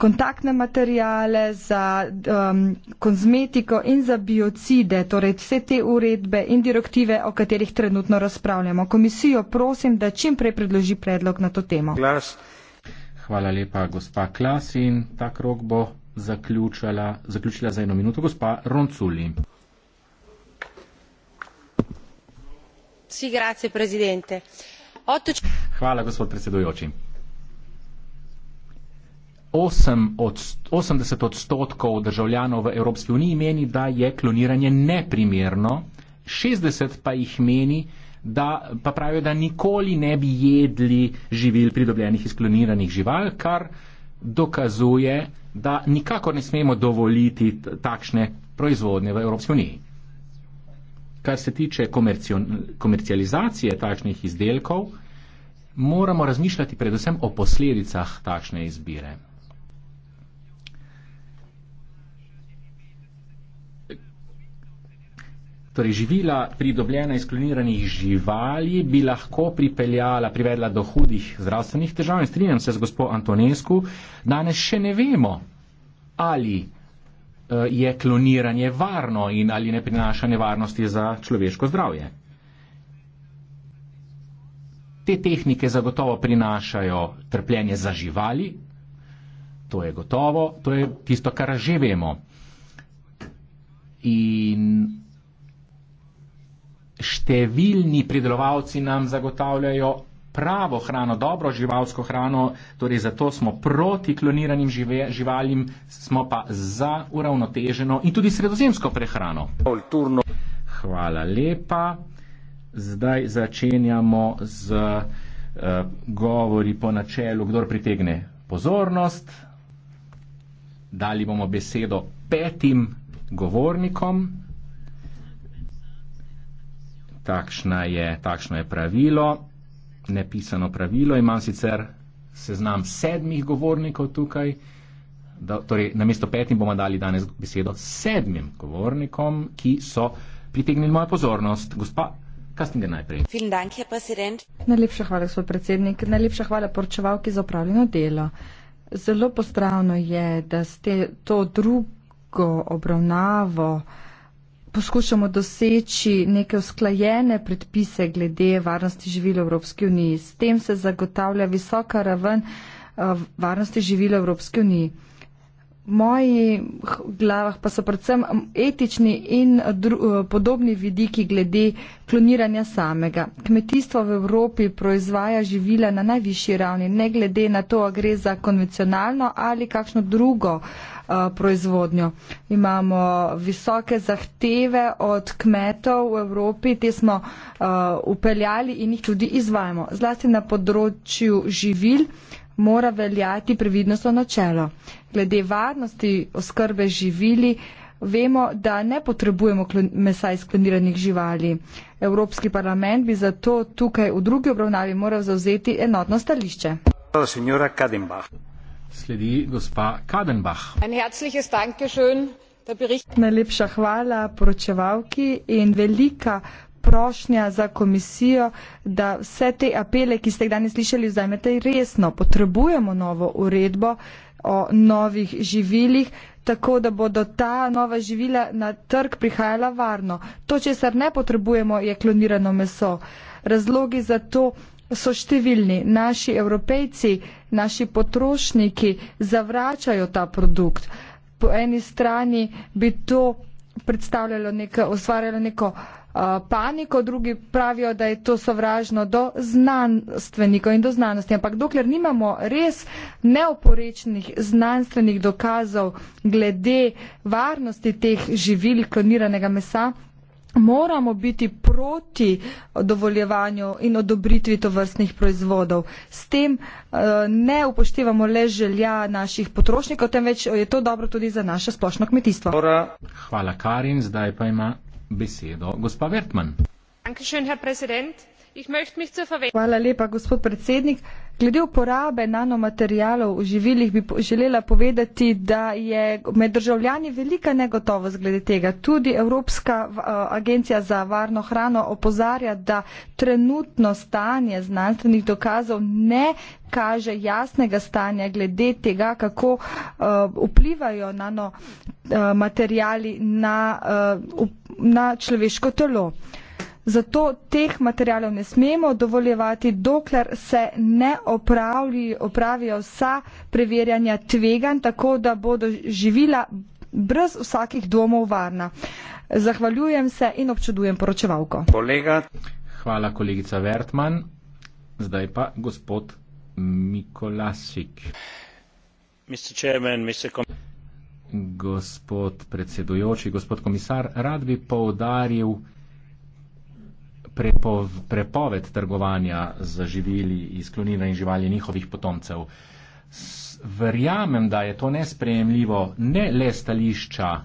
kontaktne materijale, za um, kozmetiko in za biocide, torej vse te uredbe in direktive, o katerih trenutno razpravljamo. Komisijo prosim, da čim prej predloži predlog na to temo. Glas. Hvala lepa, gospa Klas. In ta krok bo zaključila, zaključila za eno minuto gospa Ronculi. Sì, grazie, presidente. Otto... Hvala, gospod predsedujoči. 80 odstotkov državljanov v Evropski uniji meni, da je kloniranje neprimerno, 60 pa jih meni, da, pa pravijo, da nikoli ne bi jedli živil pridobljenih iz kloniranih žival, kar dokazuje, da nikakor ne smemo dovoliti takšne proizvodnje v Evropski uniji. Kar se tiče komercializacije takšnih izdelkov, moramo razmišljati predvsem o posledicah takšne izbire. Torej, živila pridobljena iz kloniranih živali bi lahko pripeljala, privedla do hudih zdravstvenih težav. In strinjam se z gospod Antonesku, danes še ne vemo, ali eh, je kloniranje varno in ali ne prinaša nevarnosti za človeško zdravje. Te tehnike zagotovo prinašajo trpljenje za živali, to je gotovo, to je tisto, kar že vemo. In številni pridelovalci nam zagotavljajo pravo hrano, dobro živalsko hrano, torej zato smo proti kloniranim žive, živalim, smo pa za uravnoteženo in tudi sredozemsko prehrano. Hvala lepa. Zdaj začenjamo z uh, govori po načelu, kdor pritegne pozornost. Dali bomo besedo petim govornikom takšna je, takšno je pravilo, nepisano pravilo. Imam sicer seznam sedmih govornikov tukaj, da, torej na mesto petim bomo dali danes besedo sedmim govornikom, ki so pritegnili mojo pozornost. Gospa Kastinger najprej. Dank, Najlepša hvala, gospod predsednik. Najlepša hvala poročevalki za opravljeno delo. Zelo postravno je, da ste to drugo obravnavo uh, poskušamo doseči neke usklajene predpise glede varnosti živil v Evropski uniji. S tem se zagotavlja visoka raven eh, varnosti živil v Evropski uniji. V moji glavah pa so predvsem etični in eh, podobni vidiki glede kloniranja samega. Kmetijstvo v Evropi proizvaja živila na najvišji ravni, ne glede na to, a gre za konvencionalno ali kakšno drugo uh, Eh, proizvodnjo. Imamo visoke zahteve od kmetov v Evropi, te smo eh, upeljali in jih tudi izvajamo. Zlasti na področju živil mora veljati previdnostno načelo. Glede varnosti oskrbe živili. Vemo, da ne potrebujemo mesa iz kloniranih živali. Evropski parlament bi zato tukaj v drugi obravnavi moral zauzeti enotno stališče. Sledi gospa Kadenbach. Ein herzliches Dankeschön. Najlepša hvala poročevalki in velika prošnja za komisijo, da vse te apele, ki ste jih danes slišali, vzamete resno. Potrebujemo novo uredbo o novih živilih, tako da bodo ta nova živila na trg prihajala varno. To, če se ne potrebujemo, je klonirano meso. Razlogi za to so številni. Naši evropejci naši potrošniki zavračajo ta produkt. Po eni strani bi to predstavljalo neko, ustvarjalo neko paniko, drugi pravijo, da je to sovražno do znanstvenikov in do znanosti. Ampak dokler nimamo res neoporečnih znanstvenih dokazov glede varnosti teh živil kloniranega mesa, moramo biti proti dovoljevanju in odobritvi tovrstnih proizvodov. S tem eh, ne upoštevamo le želja naših potrošnikov, temveč je to dobro tudi za naše splošno kmetijstvo. Hvala, Karin. Zdaj pa ima besedo gospa Vertman. Dankeschön, Herr Präsident. Hvala lepa, gospod predsednik. Glede uporabe nanomaterijalov v živilih bi želela povedati, da je med državljani velika negotovost glede tega. Tudi Evropska agencija za varno hrano opozarja, da trenutno stanje znanstvenih dokazov ne kaže jasnega stanja glede tega, kako vplivajo nanomaterijali na, na človeško telo. Zato teh materijalov ne smemo dovoljevati, dokler se ne opravi, opravijo vsa preverjanja tvegan, tako da bodo živila brez vsakih domov varna. Zahvaljujem se in občudujem poročevalko. Kolega. Hvala, kolegica Vertman. Zdaj pa gospod Mikolasik. Mr. Chairman, Mr. Com gospod predsedujoči, gospod komisar, rad bi poudaril, prepov, prepoved trgovanja z živili iz kloniranih živali njihovih potomcev. Verjamem, da je to nesprejemljivo ne le stališča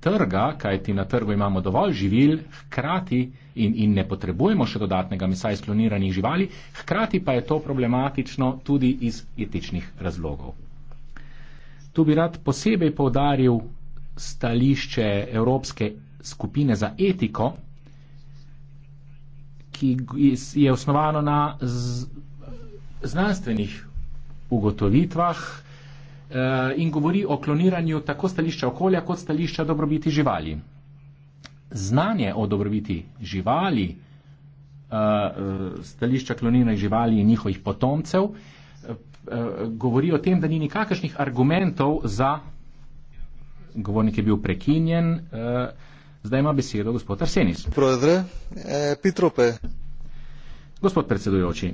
trga, kajti na trgu imamo dovolj živil, hkrati in, in ne potrebujemo še dodatnega mesa iz kloniranih živali, hkrati pa je to problematično tudi iz etičnih razlogov. Tu bi rad posebej povdaril stališče Evropske skupine za etiko, ki je osnovano na znanstvenih ugotovitvah eh, in govori o kloniranju tako stališča okolja kot stališča dobrobiti živali. Znanje o dobrobiti živali, eh, stališča kloniranih živali in njihovih potomcev, eh, govori o tem, da ni nikakršnih argumentov za, govornik je bil prekinjen, Zdaj ima besedo gospod Arsenis. Prodre, eh, Pitrope. Gospod predsedujoči.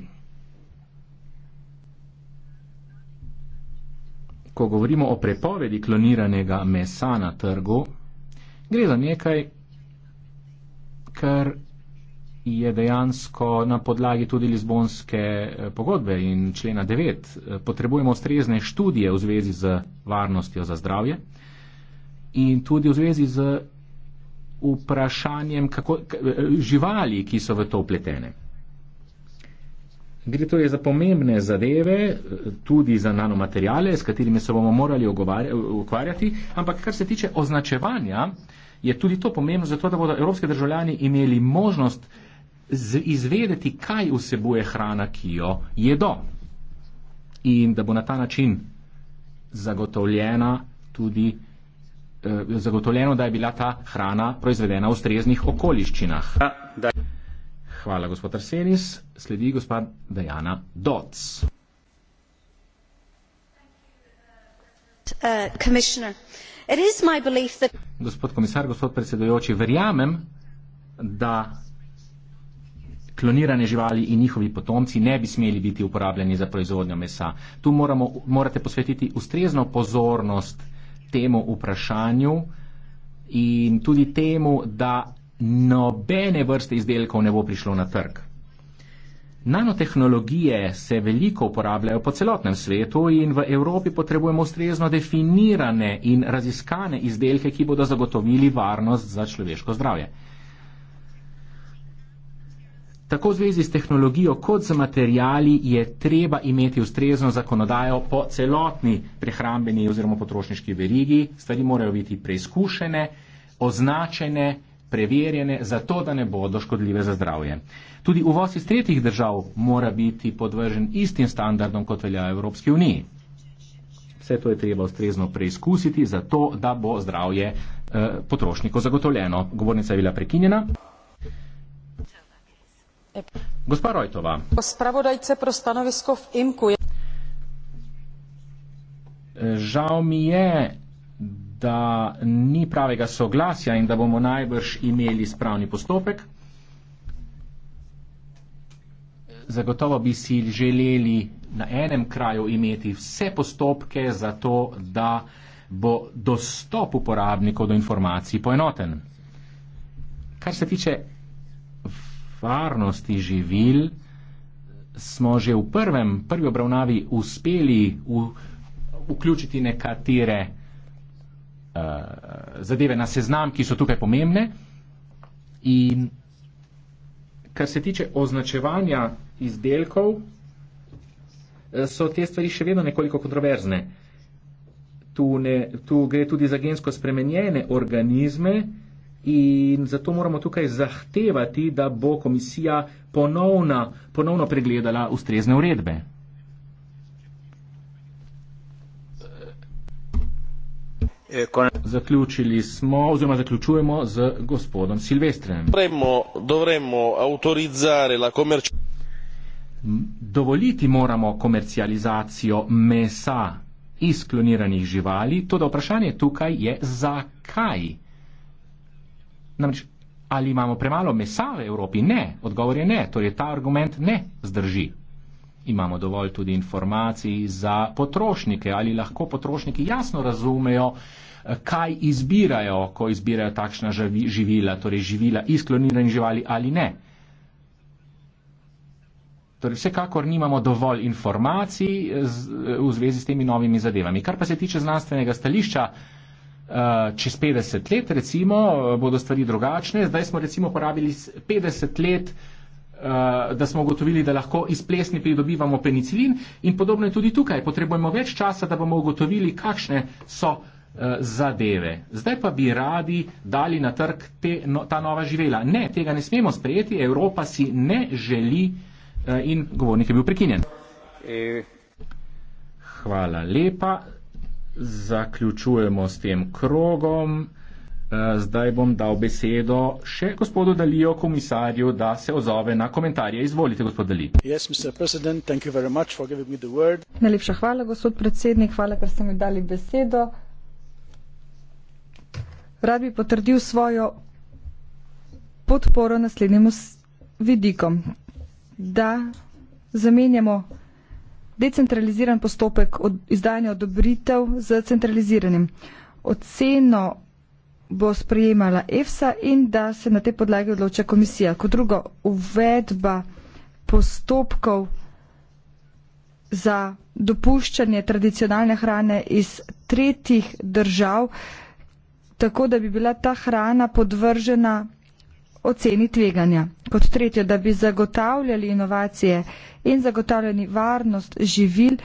Ko govorimo o prepovedi kloniranega mesa na trgu, gre za nekaj, kar je dejansko na podlagi tudi Lizbonske eh, pogodbe in člena 9. Eh, potrebujemo ustrezne študije v zvezi z varnostjo za zdravje in tudi v zvezi z vprašanjem kako, eh, živali, ki so v to upletene. Gre torej za pomembne zadeve, eh, tudi za nanomaterijale, s katerimi se bomo morali ukvarjati, ampak kar se tiče označevanja, je tudi to pomembno, zato da bodo evropske državljani imeli možnost izvedeti, kaj vsebuje hrana, ki jo jedo. In da bo na ta način zagotovljena tudi Eh, zagotovljeno, da je bila ta hrana proizvedena v ustreznih okoliščinah. Hvala, gospod Arsenis. Sledi gospod Dajana Doc. Uh, that... Gospod komisar, gospod predsedujoči, verjamem, da klonirane živali in njihovi potomci ne bi smeli biti uporabljeni za proizvodnjo mesa. Tu moramo, morate posvetiti ustrezno pozornost temu vprašanju in tudi temu, da nobene vrste izdelkov ne bo prišlo na trg. Nanotehnologije se veliko uporabljajo po celotnem svetu in v Evropi potrebujemo ustrezno definirane in raziskane izdelke, ki bodo zagotovili varnost za človeško zdravje. Tako v zvezi s tehnologijo kot z materijali je treba imeti ustrezno zakonodajo po celotni prehrambeni oziroma potrošniški verigi. Stvari morajo biti preizkušene, označene, preverjene, zato da ne bodo škodljive za zdravje. Tudi uvoz iz tretjih držav mora biti podvržen istim standardom, kot velja v Evropski uniji. Vse to je treba ustrezno preizkusiti, zato da bo zdravje eh, potrošnikov zagotovljeno. Govornica je bila prekinjena. Gospa Rojtova. Spravodajce pro stanovisko v IMKU. Žal mi je, da ni pravega soglasja in da bomo najbrž imeli spravni postopek. Zagotovo bi si želeli na enem kraju imeti vse postopke za to, da bo dostop uporabnikov do informacij poenoten. Kar se tiče varnosti živil, smo že v prvem, prvi obravnavi uspeli v, vključiti nekatere uh, zadeve na seznam, ki so tukaj pomembne. In kar se tiče označevanja izdelkov, eh, so te stvari še vedno nekoliko kontroverzne. Tu, ne, tu gre tudi za gensko spremenjene organizme, In zato moramo tukaj zahtevati, da bo komisija ponovna, ponovno pregledala ustrezne uredbe. Zaključili smo oziroma zaključujemo z gospodom Silvestrem. Dovremmo avtorizzare la commercializzazione. Dovoliti moramo komercializacijo mesa iz kloniranih živali, to da vprašanje tukaj je zakaj. Namreč, ali imamo premalo mesa v Evropi? Ne, odgovor je ne. Torej, ta argument ne zdrži. Imamo dovolj tudi informacij za potrošnike, ali lahko potrošniki jasno razumejo, kaj izbirajo, ko izbirajo takšna živila, torej živila iz kloniranih živali ali ne. Torej, vsekakor nimamo dovolj informacij v zvezi s temi novimi zadevami. Kar pa se tiče znanstvenega stališča, Eh, čez 50 let, recimo, eh, bodo stvari drugačne. Zdaj smo recimo porabili 50 let, eh, da smo ugotovili, da lahko iz plesni pridobivamo penicilin in podobno je tudi tukaj. Potrebujemo več časa, da bomo ugotovili, kakšne so zadeve. Zdaj pa bi radi dali na trg te, no, ta nova živela. Ne, tega ne smemo sprejeti, Evropa si ne želi in govornik je bil prekinjen. Hvala lepa zaključujemo s tem krogom. Eh, zdaj bom dal besedo še gospodu Dalijo, komisarju, da se ozove na komentarje. Izvolite, gospod Dali. Najlepša hvala, gospod predsednik, hvala, ker ste mi dali besedo. Rad bi potrdil svojo podporo naslednjemu vidikom, da zamenjamo decentraliziran postopek od izdajanja odobritev z centraliziranim. Oceno bo sprejemala EFSA in da se na te podlage odloča komisija. Kot drugo, uvedba postopkov za dopuščanje tradicionalne hrane iz tretjih držav, tako da bi bila ta hrana podvržena oceni tveganja. Kot tretje, da bi zagotavljali inovacije in zagotavljali varnost živil,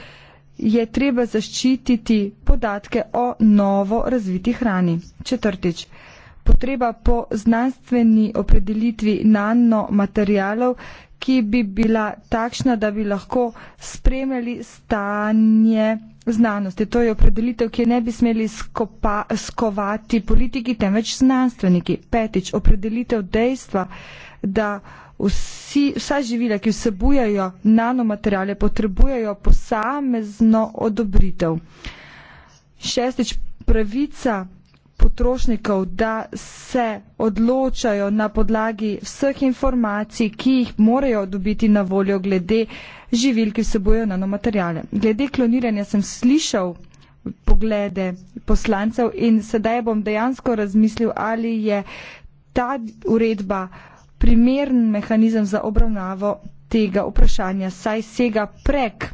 je treba zaščititi podatke o novo razviti hrani. Četrtič, potreba po znanstveni opredelitvi nanomaterialov, ki bi bila takšna, da bi lahko spremljali stanje znanosti. To je opredelitev, ki ne bi smeli skopa, skovati politiki, temveč znanstveniki. Petič, opredelitev dejstva, da vsi, vsa živila, ki vsebujajo nanomaterjale, potrebujejo posamezno odobritev. Šestič, pravica potrošnikov, da se odločajo na podlagi vseh informacij, ki jih morajo dobiti na voljo glede živil, ki vsebojo nanomaterjale. Glede kloniranja sem slišal poglede poslancev in sedaj bom dejansko razmislil, ali je ta uredba primern mehanizem za obravnavo tega vprašanja, saj sega prek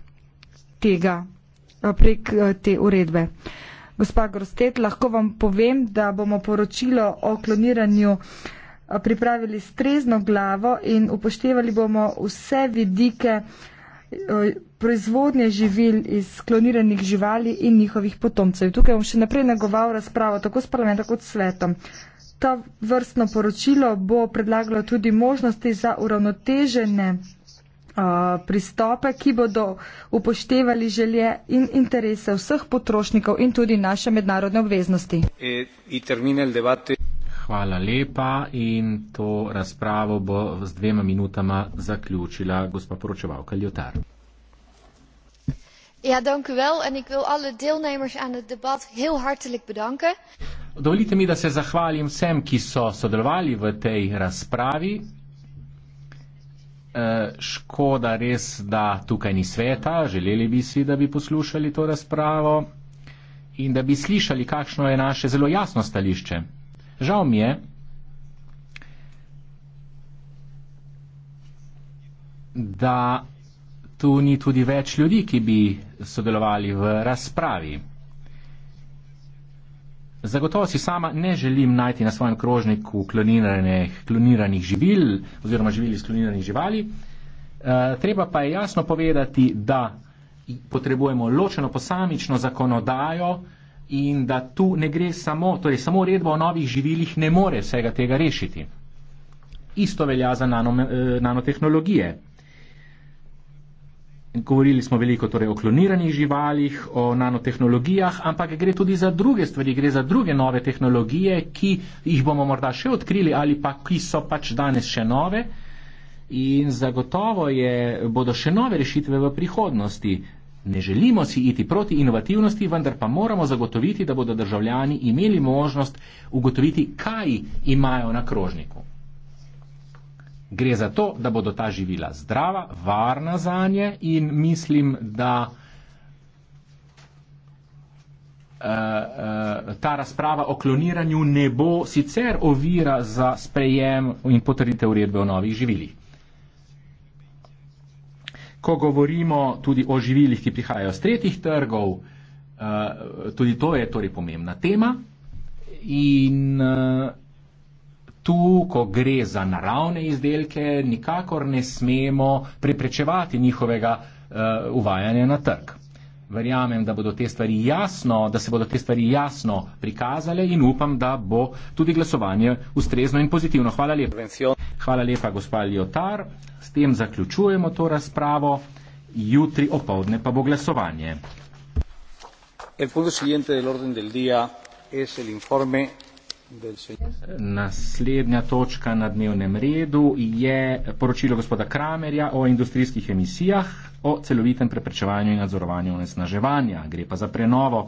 tega, prek eh, te uredbe. Uh, Gospa Grostet, lahko vam povem, da bomo poročilo o kloniranju eh, pripravili strezno glavo in upoštevali bomo vse vidike eh, proizvodnje živil iz kloniranih živali in njihovih potomcev. Tukaj bom še naprej nagoval razpravo tako s parlamenta kot s svetom. To vrstno poročilo bo predlagalo tudi možnosti za uravnotežene Uh, pristope, ki bodo upoštevali želje in interese vseh potrošnikov in tudi naše mednarodne obveznosti. E, Hvala lepa in to razpravo bo z dvema minutama zaključila gospa poročevalka Ljutar. Ja, dank u wel en ik wil alle deelnemers aan het debat heel hartelijk bedanken. Dovolite mi, da se zahvalim vsem, ki so sodelovali v tej razpravi. Eh, škoda res, da tukaj ni sveta, želeli bi si, da bi poslušali to razpravo in da bi slišali, kakšno je naše zelo jasno stališče. Žal mi je, da tu ni tudi več ljudi, ki bi sodelovali v razpravi. Zagotovo si sama ne želim najti na svojem krožniku kloniranih živil oziroma živil iz kloniranih živali. Eh, treba pa je jasno povedati, da potrebujemo ločeno posamično zakonodajo in da tu ne gre samo, torej samo uredba o novih živilih ne more vsega tega rešiti. Isto velja za eh, nanotehnologije. Nano Govorili smo veliko torej, o kloniranih živalih, o nanotehnologijah, ampak gre tudi za druge stvari, gre za druge nove tehnologije, ki jih bomo morda še odkrili ali pa ki so pač danes še nove. In zagotovo je, bodo še nove rešitve v prihodnosti. Ne želimo si iti proti inovativnosti, vendar pa moramo zagotoviti, da bodo državljani imeli možnost ugotoviti, kaj imajo na krožniku. Gre za to, da bodo ta živila zdrava, varna za nje in mislim, da Uh, uh, ta razprava o kloniranju ne bo sicer ovira za sprejem in potrditev uredbe o novih živilih. Ko govorimo tudi o živilih, ki prihajajo z tretjih trgov, uh, tudi to je torej pomembna tema in uh, Tu, ko gre za naravne izdelke, nikakor ne smemo preprečevati njihovega uh, uvajanja na trg. Verjamem, da, bodo te jasno, da se bodo te stvari jasno prikazale in upam, da bo tudi glasovanje ustrezno in pozitivno. Hvala lepa. Hvala lepa, gospa Ljotar. S tem zaključujemo to razpravo. Jutri opovdne pa bo glasovanje. El punto siguiente del orden del día es el informe Naslednja točka na dnevnem redu je poročilo gospoda Kramerja o industrijskih emisijah, o celovitem preprečevanju in nadzorovanju onesnaževanja. Gre pa za prenovo